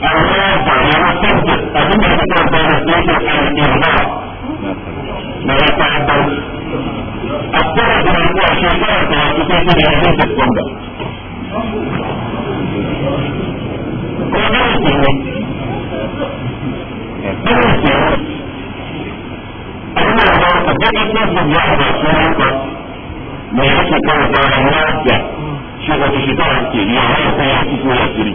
Allah bagaimana sujud tapi mereka berbeda sujud yang irba mereka ada apa yang dilakukan syaitan kalau kita tidak sujud benda Kemudian ini, kemudian أن الله قدمت لكم لحظة سابقة ما يحصل كما قال الناس شغل الشيطان يعرف يعكس ويسري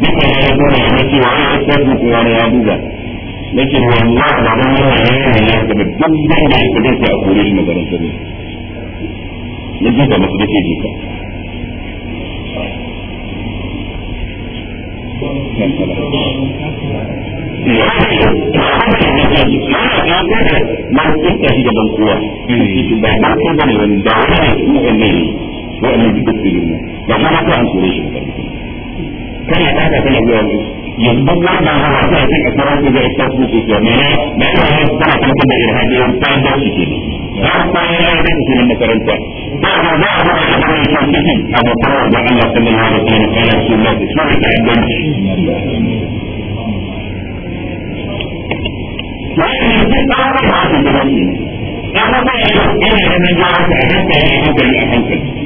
duka ya yi gona ya nake wa ya ce mu ko wani ya duba nake wallahi ba mun yana yana ya ga duk da ya ce dai a kore shi makarantar ne ne da masu dake jika na kuka shi gaban kowa ba ba kai ne wani da wani ne wa'annan wa'annan duk da ne ba ma ka an kore shi makarantar kana ba ka kana biyan su yanzu na ba ha ba ta cikin asarar da ya tafi su ke ne na ba ha ta kuma da irhadiyan ta da su ke ba ta ya da su ne makaranta ba ha ba ha da ba ta cikin abu ta da Allah sallallahu alaihi su ne su ne da dan wa'in duk ba ha da su ne ya ba ya yana da nan ya ta hankali a hankali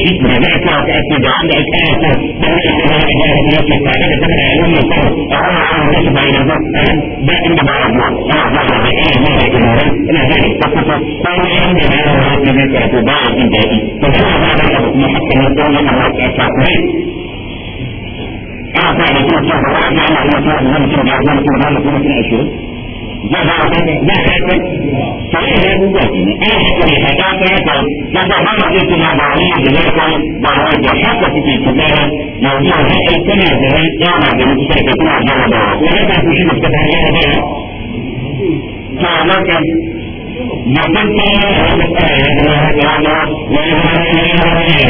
shi ba za a sa ta ake da an da ake ana so don ne kuma a ga wani yake tare da kuma yayin mu ko a ana ana wasu ba ina ba da inda ba a ba ba ba ba da ina ne da ina ne ina da ta kuma ba ne inda da ya wani ne ka ko ba a jin daɗi to kuma ba da kuma hakkin ne ko ne ma ta ta ne ana sa da kuma ta ba ana ana ta ne mutum da ya zama kuma da kuma ashirin ya ba ta ne ya ta ta sai ne mun ga ne ai haka ne ta ta ta ya ba ma ce kuma ba ni da ne ko ba wai da haka kike kuma yanzu ai ai kana kai rai ya na da mutum kai kuma da ba kai ne ka ku shi da ta ya da ya ta na ka mutum ta ya da ta ya da ya da ya da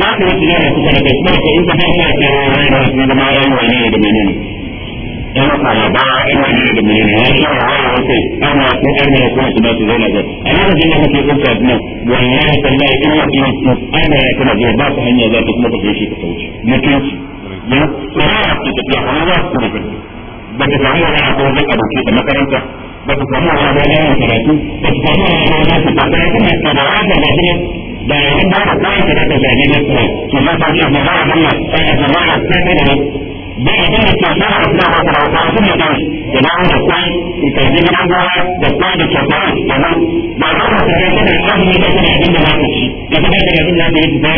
za ku ci ne ku da kuma in ka ba ka da rai da ma rai ne da menene ɗan a ɗan wani da mai ne wani yawa wani wasu ɗan wa ko ɗan wa kuma su ba su zauna ba a lokacin da kake kunta kuma wallahi sallahi ɗan wa ɗin su ana ya kana zuwa ba su hanya za ta kuma ta kai shi ka sauci mutunci ya a ke tafiya kuma za su kuma ba ta samu wani abu wajen aboki da makaranta ba ta samu wani abu wajen karatu ba ta samu wani abu wajen su ba ta yi kuma ta da wata da kuma da yayin da ka kai ka da ka zane na kuma ki ma ta ji ma ba ta ได้ที่เกี่ยวกับเราเราเราที่มีการเดี๋ยวเราเด็กไว้แต่ยังไม่ได้ว่าเด็กไว้เด็กเกี่ยวกับเราเราเราต้องทำอะไรก็ได้ก็มีได้ก็ได้ที่มีอะไรก็ได้ก็ได้ที่เราได้ได้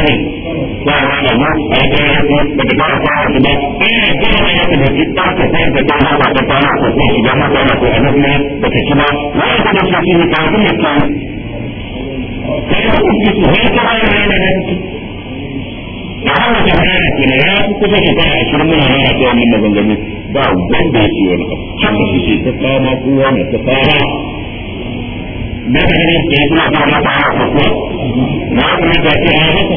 ว่าว่าอย่างว่าไอ้เด็กที่เป็นเด็กเราเราเป็นเด็กเอ๊ะที่เราเป็นเด็กที่ต้องเป็นเด็กเป็นเราเราเป็นเราเป็นเด็กที่ยังไม่เป็นเราเป็นเด็กเนี่ยเป็นเด็กที่เราเราเป็นเด็กที่มีการที่มีการแต่เราเป็นเด็กที่ไม่ได้ da hana ta fara kenan ya fi kusa shekara ashirin muna nuna ta wannan maganganu ba wanda ya ce wani haka su ce ta fama kowa na ta fara na da ne da ya kuma fara ta na kuma ta ce haka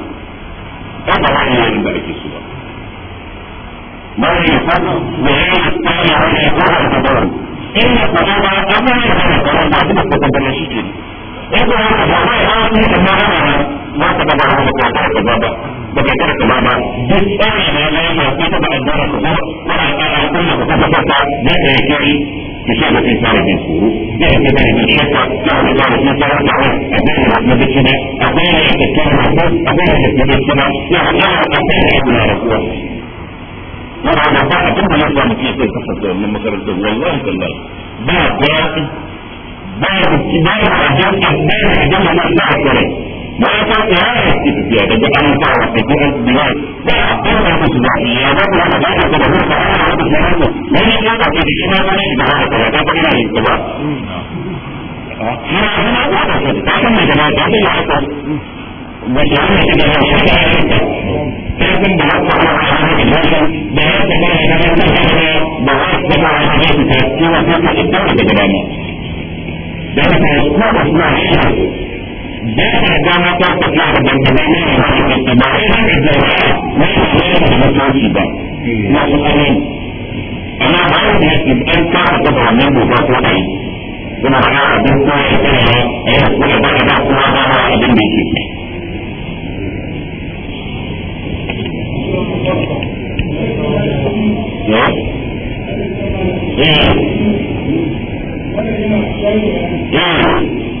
ba ta da ake so ba ba ne ko da ya yi tsari wani ya ko har gabaran in da kuma ba an wani ya hana gabaran ba kuma ko kuma shi ke in ko haka ba wai an wani da ma hana ba ba ta gaba hana ko ta ta gaba ba ka kada kuma ba duk tsari ne na yi ba ko ta ba an gara ko ba ko a ta a kunna ko ta ta ta ne da ya kiri بسبب إثارة الفروق لأن ذلك الشكوى له إثارة مثلا له أداء مدرسنا أداء تكون مفروض أداء مدرسنا له أداء أداء يا رسول الله مرة أنا بقى ثم يطلع من كيف تحصل لما قابلته والله بالله بعد بعد اتباع أداء أداء أداء ما أداء Mereka ya, itu dia. Dan kita minta waktu itu kan bilang, ya, dia mau sudah iya, dia mau ada dia sudah lupa, harus mengaku. Ini dia tak jadi cuma mana di bawah kalau dia pergi lagi coba. Nah, ini apa sih? Tapi mereka mau jadi apa? Mereka mau jadi apa? Tapi bahwa kalau ada di bawah, dia semua yang ada di bawah, bahwa semua yang ada di bawah, dia semua yang ada di bawah. Dan kalau semua semua yana ta tafiya da a da ne Yeah.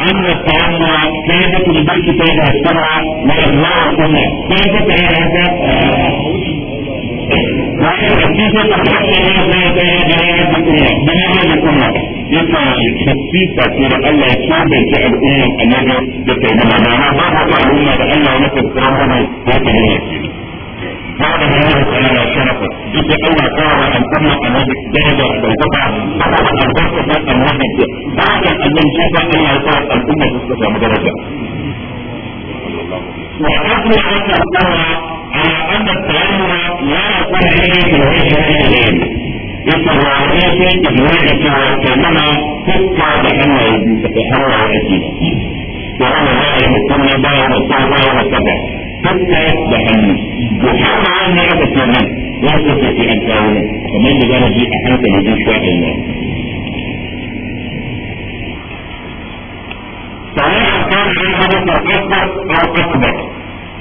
أن التنوع كانت بالكتابة السبعة وإطلاع السنة كيف ترى هذا؟ وكيف تحصل هذا بهذا الأمة بهذا الأمة يطلع خصيصة إلى ان يتوب إلى الأمة الذي يتعلمها ما هو الأمة لأنه نفس الأمة يتعلمها بعد هذا فلا شرف جد أول قارة أن أمة النبي درجة بوقفة البركة النبي بعد أن ينشأ أن يصاب الأمة تستطيع درجة وأطلق القرى على أن التعامل لا يكون عليه في وجه العلم يتواجه في إجواجه وكمنا تبقى بأنه يتحرر أكيد وأنا لا يمكنني باية الصعبة والصبر حتى يصبح الناس وحتى عن هذا الثمن لا تستطيع ان تعاونه فمن لذلك دي احاطه بدون شويه الله سواء كان حدث اكبر او اكبر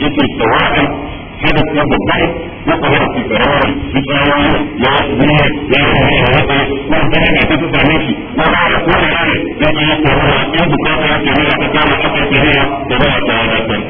يمكن سواء حدث له الضعف وقرأ في قرار بقرار لا يؤذيه لا يهوه ما كان يعتقد نفسي ما بعرف ولا عارف لكن يقرأ يدك وقرأ كبيرة فكان حتى كبيرة تبارك وتعالى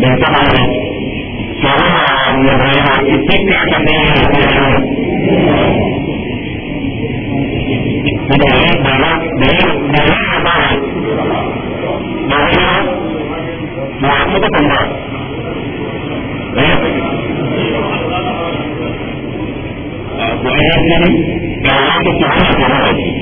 để ta làm đó là người thầy học thì tất cả các bạn là người học để để để để ba để làm cái phần này đấy ờ, của để nên đó là cái chuyện của mình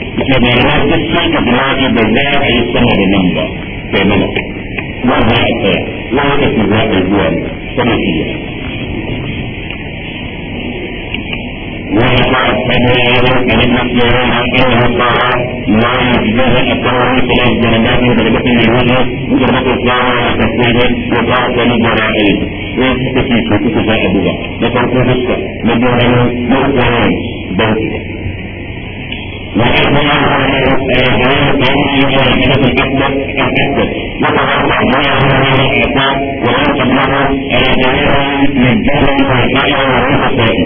Sebenarnya kita kebelah di benda itu sama dengan Bagaimana? Wajah apa? Wajah juga ribuan sama dia. ويقع السماء فإن السيران أنها الطاعة لا يجوز التورم في الجنبات بدرجة من الوجه بدرجة الطاعة والتسليم وطاعة الجرائم ويستفيد وتتجاهلها وتركوا الشر مجرم مغفران بوتها وحسبنا على الأمر الأكبر الأكبر يتوقع معه من الحساب ويركب له جميعا من جهل وحسائه وروح صائم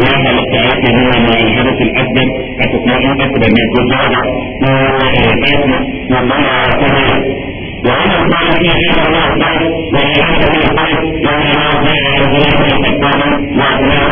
وهذا التعافي هو من الحدث الأكبر استثناء أكبر من كل هذا وحسابنا والله على وأنا أقول في هذا الله خير وأنا أقول في هذا الله خير وأنا أقول في هذا الله خير وأنا أقول في هذا الله خير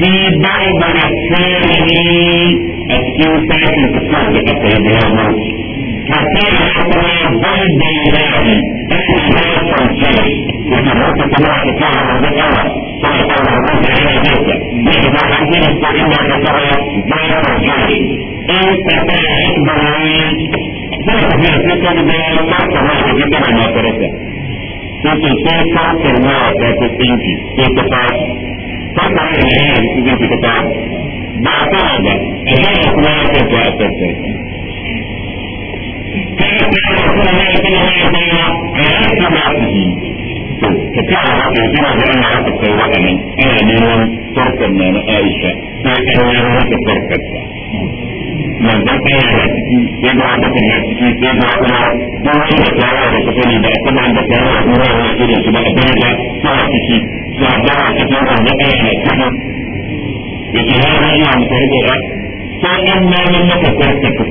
في بعض أسفاره السوء في تصدق الدراما فكان حضر ضرب بيان اسم الله صلى لما موت الله تعالى رضي الله صلى الله عليه وسلم يجب أن يكون الصحيح كثرة غير الجيش إن استطاع إخباري فقد يفكر بأن الله جدا عن آخرته. Sai ke sai kafin wa ta ta tsinki sai ta fashi. sannan ne ne ya yi zai fita ta ba a fara ba a zai kuma ya kwanta a tsarki kada ta yi kuma ne ya kuma ne ya kuma a yi kuma a ciki to ta kawo haka ya kuma da ana haka sai waɗannan yi neman farkon na na aisha sai an yi haka farkon mai zafi ya yi ciki ya ga wata kan ciki ya ga wata kuma wani da ta yawa da ta sani da ta ba da ta yawa da ta yawa da ta yawa da ta yawa da ta yawa da ta da ta ta yawa da ta yawa da ta yawa da ta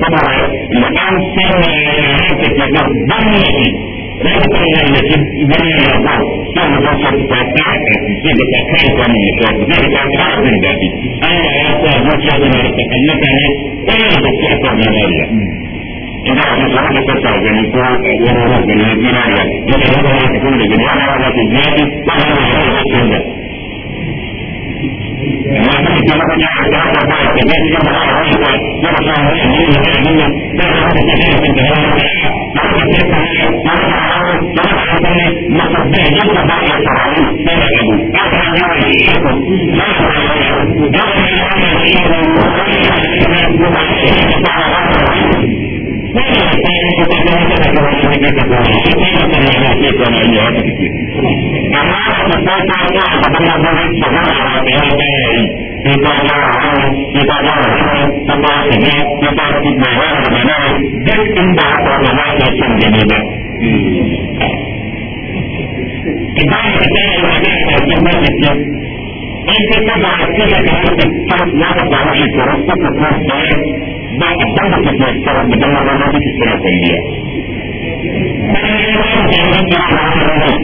yawa da ta ta yawa da ta yawa da ta yawa ta yawa da ta yawa da ta yawa Mereka yang lebih menyelamat yang berasal kata Dia berkata kamu itu Dia berkata kamu dari Allah rasa Masa dengan kata Nekanya Saya دینے گا سنگار سب بنا رہا ہو گیا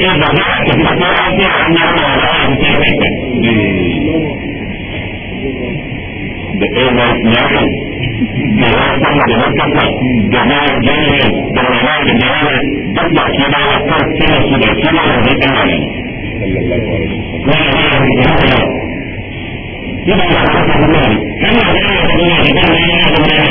dia banyak sebenarnya dia hanya orang di the airways nyaman dilakukan dilakukan dengan jadi dengan dengan tidak kita lakukan tidak tidak tidak lebih tenang. Tidak lakukan ini. Ini adalah ini adalah ini adalah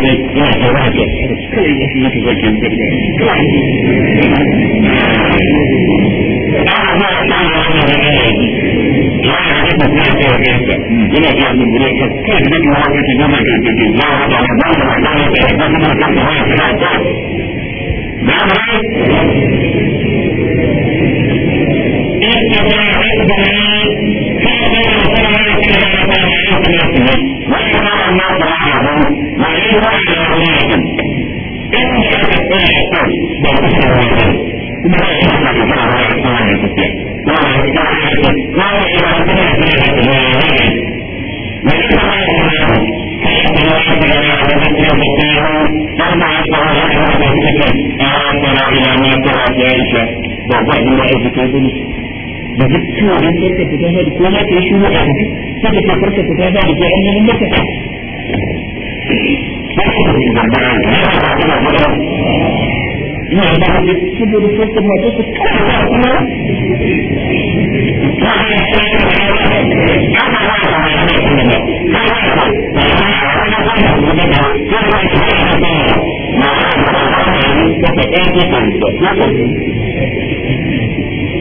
يا جواجه كل شيء يتوجه Thank you. أن بعضهم وليس حيوانات إن شرطية بالإسرائيل ما يحصل مع الإسرائيل ولا يستحق ولا يستطيع فيها بالإسرائيل وليس غير أربعة صلاة وأربعة سكن أراد إلى ما ترى عائشة وبعد ما إذا da duk suna nan da ke fita da ko ma ke shi ne da duk sai da kafar ka fita da ke an nan da ka ina da hadu su da su ta ma ta ka kuma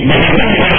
Thank you.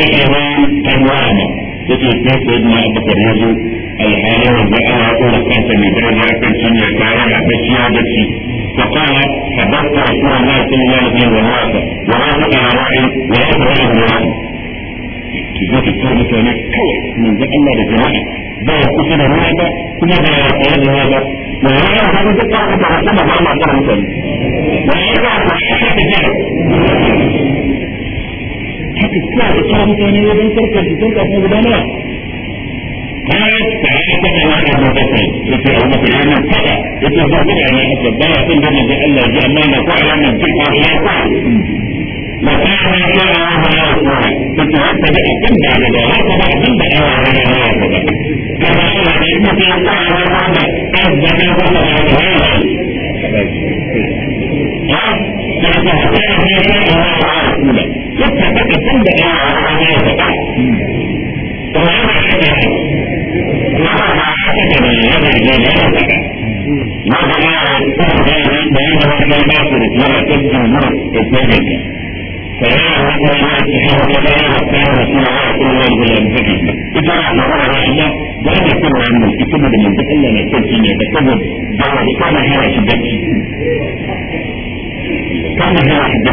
فكران أنواعنا فكرة ناس سيدنا أبو بكر يزو الحالة وزعها أولى كانت من درجة كان كيمياء كارم أبكي أبكي فقال حدثت رسول الله صلى الله عليه وسلم ووافق ووافق على رأي ووافق على رأي ذات التربة كانت كوي من ذا الله بجماعة ده يكون الرعبة كما ده يقول الرعبة وهذا هذا الطاقة رسمها الله تعالى وهذا أحد جاء suna da tsamuka ne wajen karkar jikin kafin gudanarwa bayan da ya ta kawo da mutane yake a wani yana fada yake ba da yana haka ba ya san da manzo Allah ya amma na ko ana nan ko ya ko la ta ma ya ya ma ya ko to ta ta da abin da ya ya ta da abin da ya ya ya ya ko da ba ya da mu ta ya ta ya ma da ta da ta ko ya ya ya ya ya ya ya ya yadda kake tun da ya a wani ya faɗa to ya ba shi da ba ma da ne ya ba ta jimura da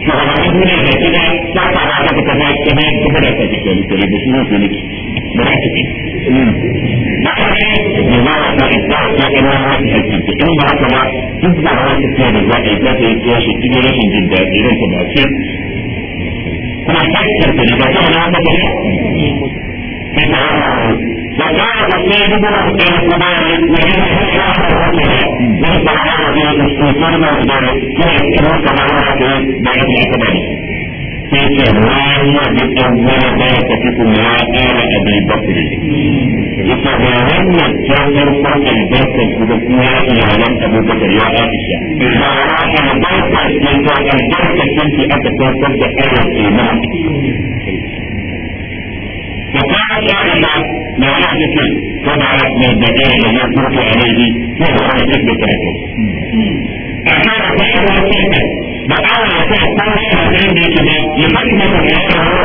shugabannin duniya da ke da ta kama ta kuma da ta cikin rikiri da shi ne su niki da Na kare a ta isa ta kama ba duk da ta da za ta yi shi cikin rashin jin daɗi ran ta ba ce. Kuma ta yi karfe ba ta wani ba. كيف الله بأول بركتكم يا آل أبي بكر يتباهم الجمر فرق البركة الفلسطينية إلى عالم أبو بكر يا عائشة إذا رأى البركة كنت البركة كنت أتكون فرد آل الإيمان فقال آلنا ما يحدث طبعا من الدجال الذي يترك عليه وهو أن يثبت رجل أكاد بحر وكيفه ba Allah ya sa kowa ya san ba ya faɗi masa ya kawo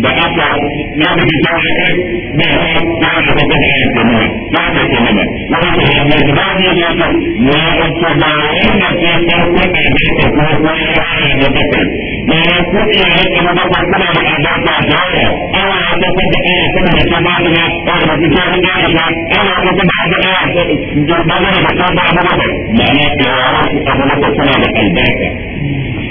da aka na da bi ta kai da na da ba da ya ce mu na ta ce mu na ta ce mu da ta ne ta mu ta ce ba wanda ta farko da ke ta ko ya ne da ta ne ku ya ne da ta ba kana da ta da ya awa da ta da ya kuma da ta ta da ya ba da ku ta da ya ba awa da ta da ya da ba da ta ba da ta ne ya ku ta ba da kana ta albarka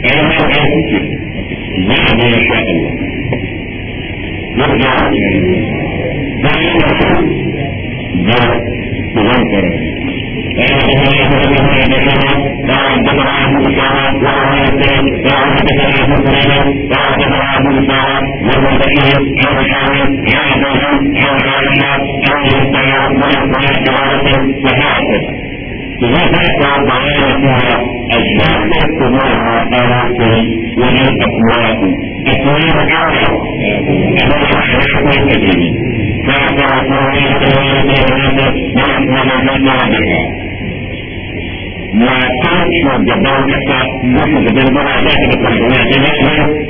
أنا ما أعرف كيف ما ما يشاء الله يرجع ده تذكر قال حدثنا احمد بن حنبله قال حدثنا ابو اسامه وعن ياسين قال حدثنا ابو هريره قال حدثنا ابو اسامه وابن بشير عن حامد عن ابراهيم عن عائشه عن يحيى عن عن عن عن عن لذلك ضلالتها الشخص يكتبوها آلاته ومن أقواله أقوال أعلى أقوال أحلاك التجربة فأعطى أقوال أقوال أقوال أقوال أقوال ما كانت مجبرة مجبرة مجبرة مجبرة مجبرة مجبرة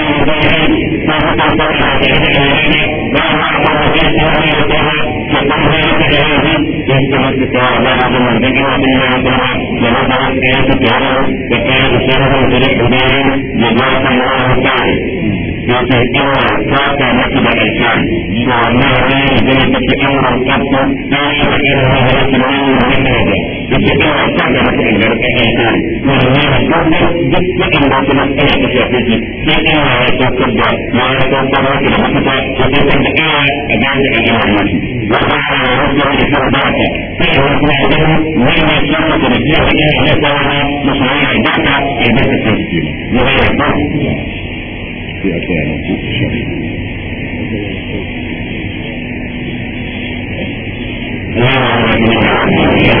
Thank you. की प्यार अल्लाह के मंदिर के मंदिर में आता है जहाँ पर हम कहें कि प्यार कहते हैं उसे हम उतरे खुदे हैं ये द्वार संग्रह होता है क्योंकि क्या कहने की बगैचा जो हमने हमें जिन तक सबको पेश करके हमें हमें सुनाई नहीं करेंगे इससे क्या ऐसा गलत लड़के कहते हैं हमने हमको जिससे इन बातों में कह सकते थी लेकिन हमारे तो सब हमारे तो सब कि हम सब जो सब अजान के लिए हमारे वहाँ हमारे जो है وبعدين لما يتنقص الرجال رجال على ثورة مصنعية البحثة البحثة الفلسطينية يغير بعض في أشياء مخصوص الشريف الله أكبر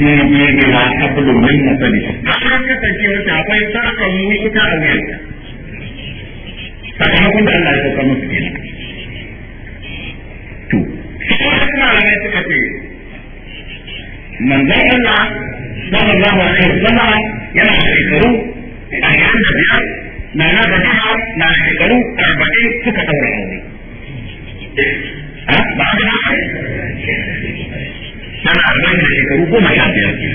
ne na hablu min nasari an kasance wata akwai sarkan wuta a wuyanta sakamakon da Allah ya sauka musu kenan to wasu malamai suka ce manzon Allah sallallahu alaihi wasallam yana da a ashirin da biyar na na da na shekaru arba'in suka ɗaura aure shekaru goma sha biyar ke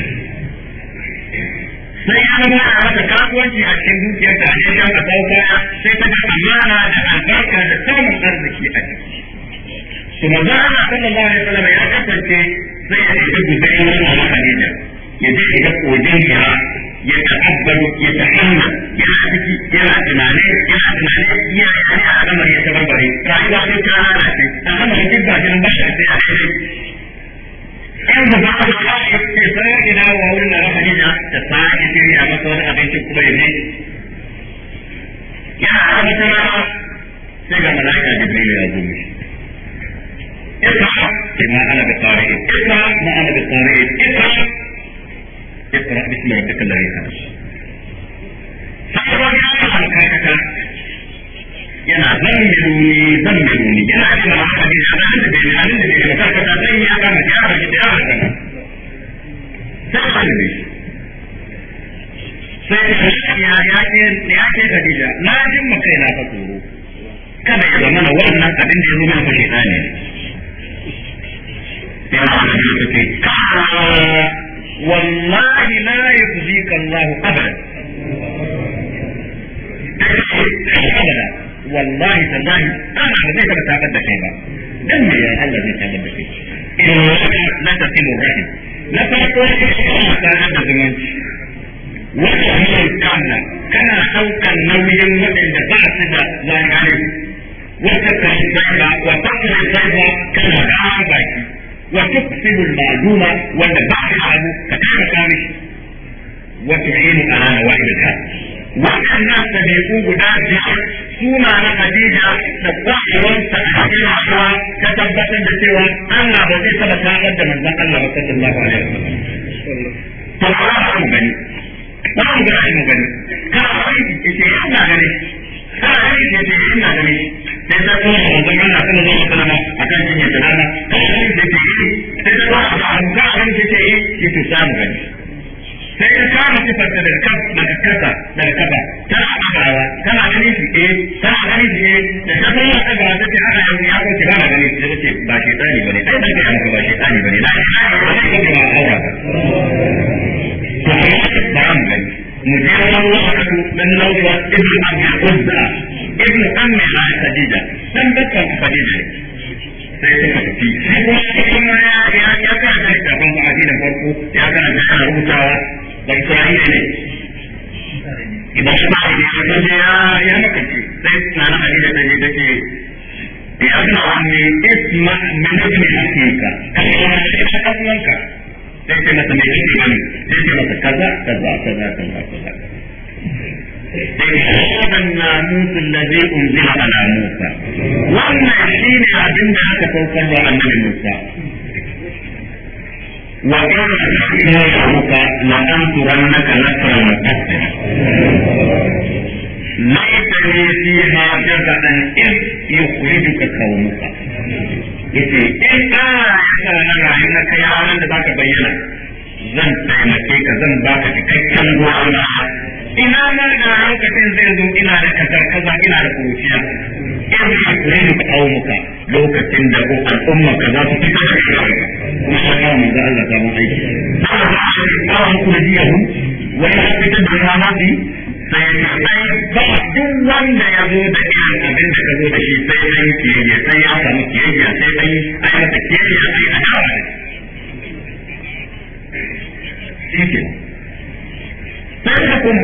sai ya zama a rasa kasuwanci a cikin dukiyar ta ne ya kasau kaya sai ta ga yana da albarka da samun arziki a ciki su maza ana sallallahu alaihi wasallam ya kasance sai ya ce wani wani kare da ya ce ya kojin jira ya ta'abbadu ya ta'amma yana ciki yana tunani yana tunani ya yi a al'amari ya tabarbare rayuwa sai ta lalace al'amari duk ba shi ba shi sai a sai da ba da ya ce sai ya dawo wurin da rafa da ta sai a masa wani abinci kuma ya ne ya ta mata sai ga malaika jibril ya zo mishi اقرأ بما أنا بقارئ اقرأ ما أنا بقارئ اقرأ اقرأ باسم ربك الذي خلق. فقرأ يا أخي yana zammiruni zammiruni yana cikin mahadi da abin da bai abin da bai karkata zan yi akan da ya rage da ya rage sai ka ne sai ya ya ke ya ke Khadija na jin mu kai ka tsoro kada ya zama wannan abin da ya zo mana kai ne ya ka ce wallahi la yuzika والله تلاهي أنا على ذلك تعبد بكيبا دم يا الله ذي تعبد بكيبا إن الله لا تقيم الرحم لا تقوم بكيبا كان عند زمانك وقف من كان كان سوكا نويا مدن بقاس إذا لا يعلم وتكره الدعوة وتكره الدعوة كان دعابا وتكسب المعلومة والبحث عنه فكان خامس وتحين أنا واحد الحق وأن الناس يقولوا لا suna na Khadija da kwakewar ta a cewa ta tabbatar da cewa Allah ba zai taba tarar da manzon Allah ba sallallahu alaihi wasallam to Allah ku gani ba mu ga mu gani ka ai ke ce ina gani ka ai ke ce ina gani sai ta kuma manzon Allah sallallahu alaihi wasallam akan cikin jama'a ka ai ke ce eh. sai ta ba ka ga ke ke ce samu eh. gani sai ka kama kifar da kan daga kasa daga shi shi da ta fara ɗagawa ta ana ya ce ba shi bane ai ba ga ba shi bane na shi ba ba ba an sai ya ya ya da isra'ila ne idan kuma a yi shi kuma ya sai na da ne take ya wani shi ka kasuwanka sai ce masa mai kike bane sai masa kaza kaza kaza kaza kaza وقال الذين يدعوك لأنصرنك نصرا مؤثرا ليس لي فيها جزعا إذ يخرجك قومك yace in kana haka na rayuwa kai ranar da zaka bayyana zan taimake ka zan baka cikakken goyon ina ma da ranka zai zo ina da kaza kaza ina da kuruciya in qaumuka lokacin da ku al'umma ka za su fita da shi kuma ya kawo manzo Allah ta mun aiki kawo ku da yahu wai ya fita da rana bi sai sai ba duk wanda ya zo da irin abin da ka zo da shi sai an kiyaye sai ya samu kiyaye sai an yi ayyuka kiyaye sai a dawo da shi sai ka kuma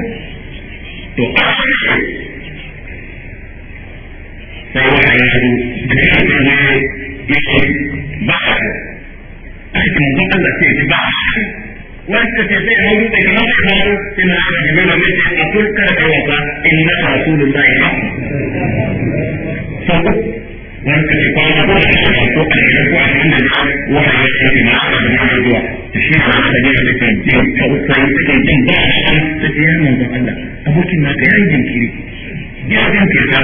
to a sai wata ya shigo da shi ne ya ce ba a ko a cikin mutum Allah sai ya ba a ko wani suka ce sai ya hau da kamar ba sai na aka jime ma mai wata in na da zai ba. wani ce ko a shi ko a shi ko a shi da wata ya ce ma a kan ya zuwa. shi ba a ne da ce ba a shi ta ce ya Allah abokin na yi jinkiri. Ya shi ya yi ba a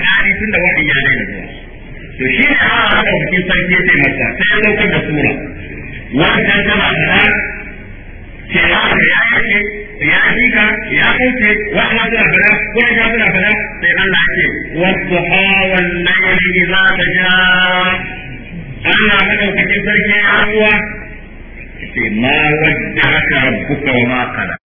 ɗari tun da wani ya zai da zuwa. to shi ne a haka cikin sarki sai masa sai ya saukar da sura wannan tana da ya haka ya yake ya hika ya kauce wannan tana fada wannan tana fada sai Allah ce wasu hawan laili idza taja Allah madaukakin sarki ya ruwa ce ma wadda aka rabbuka wa ma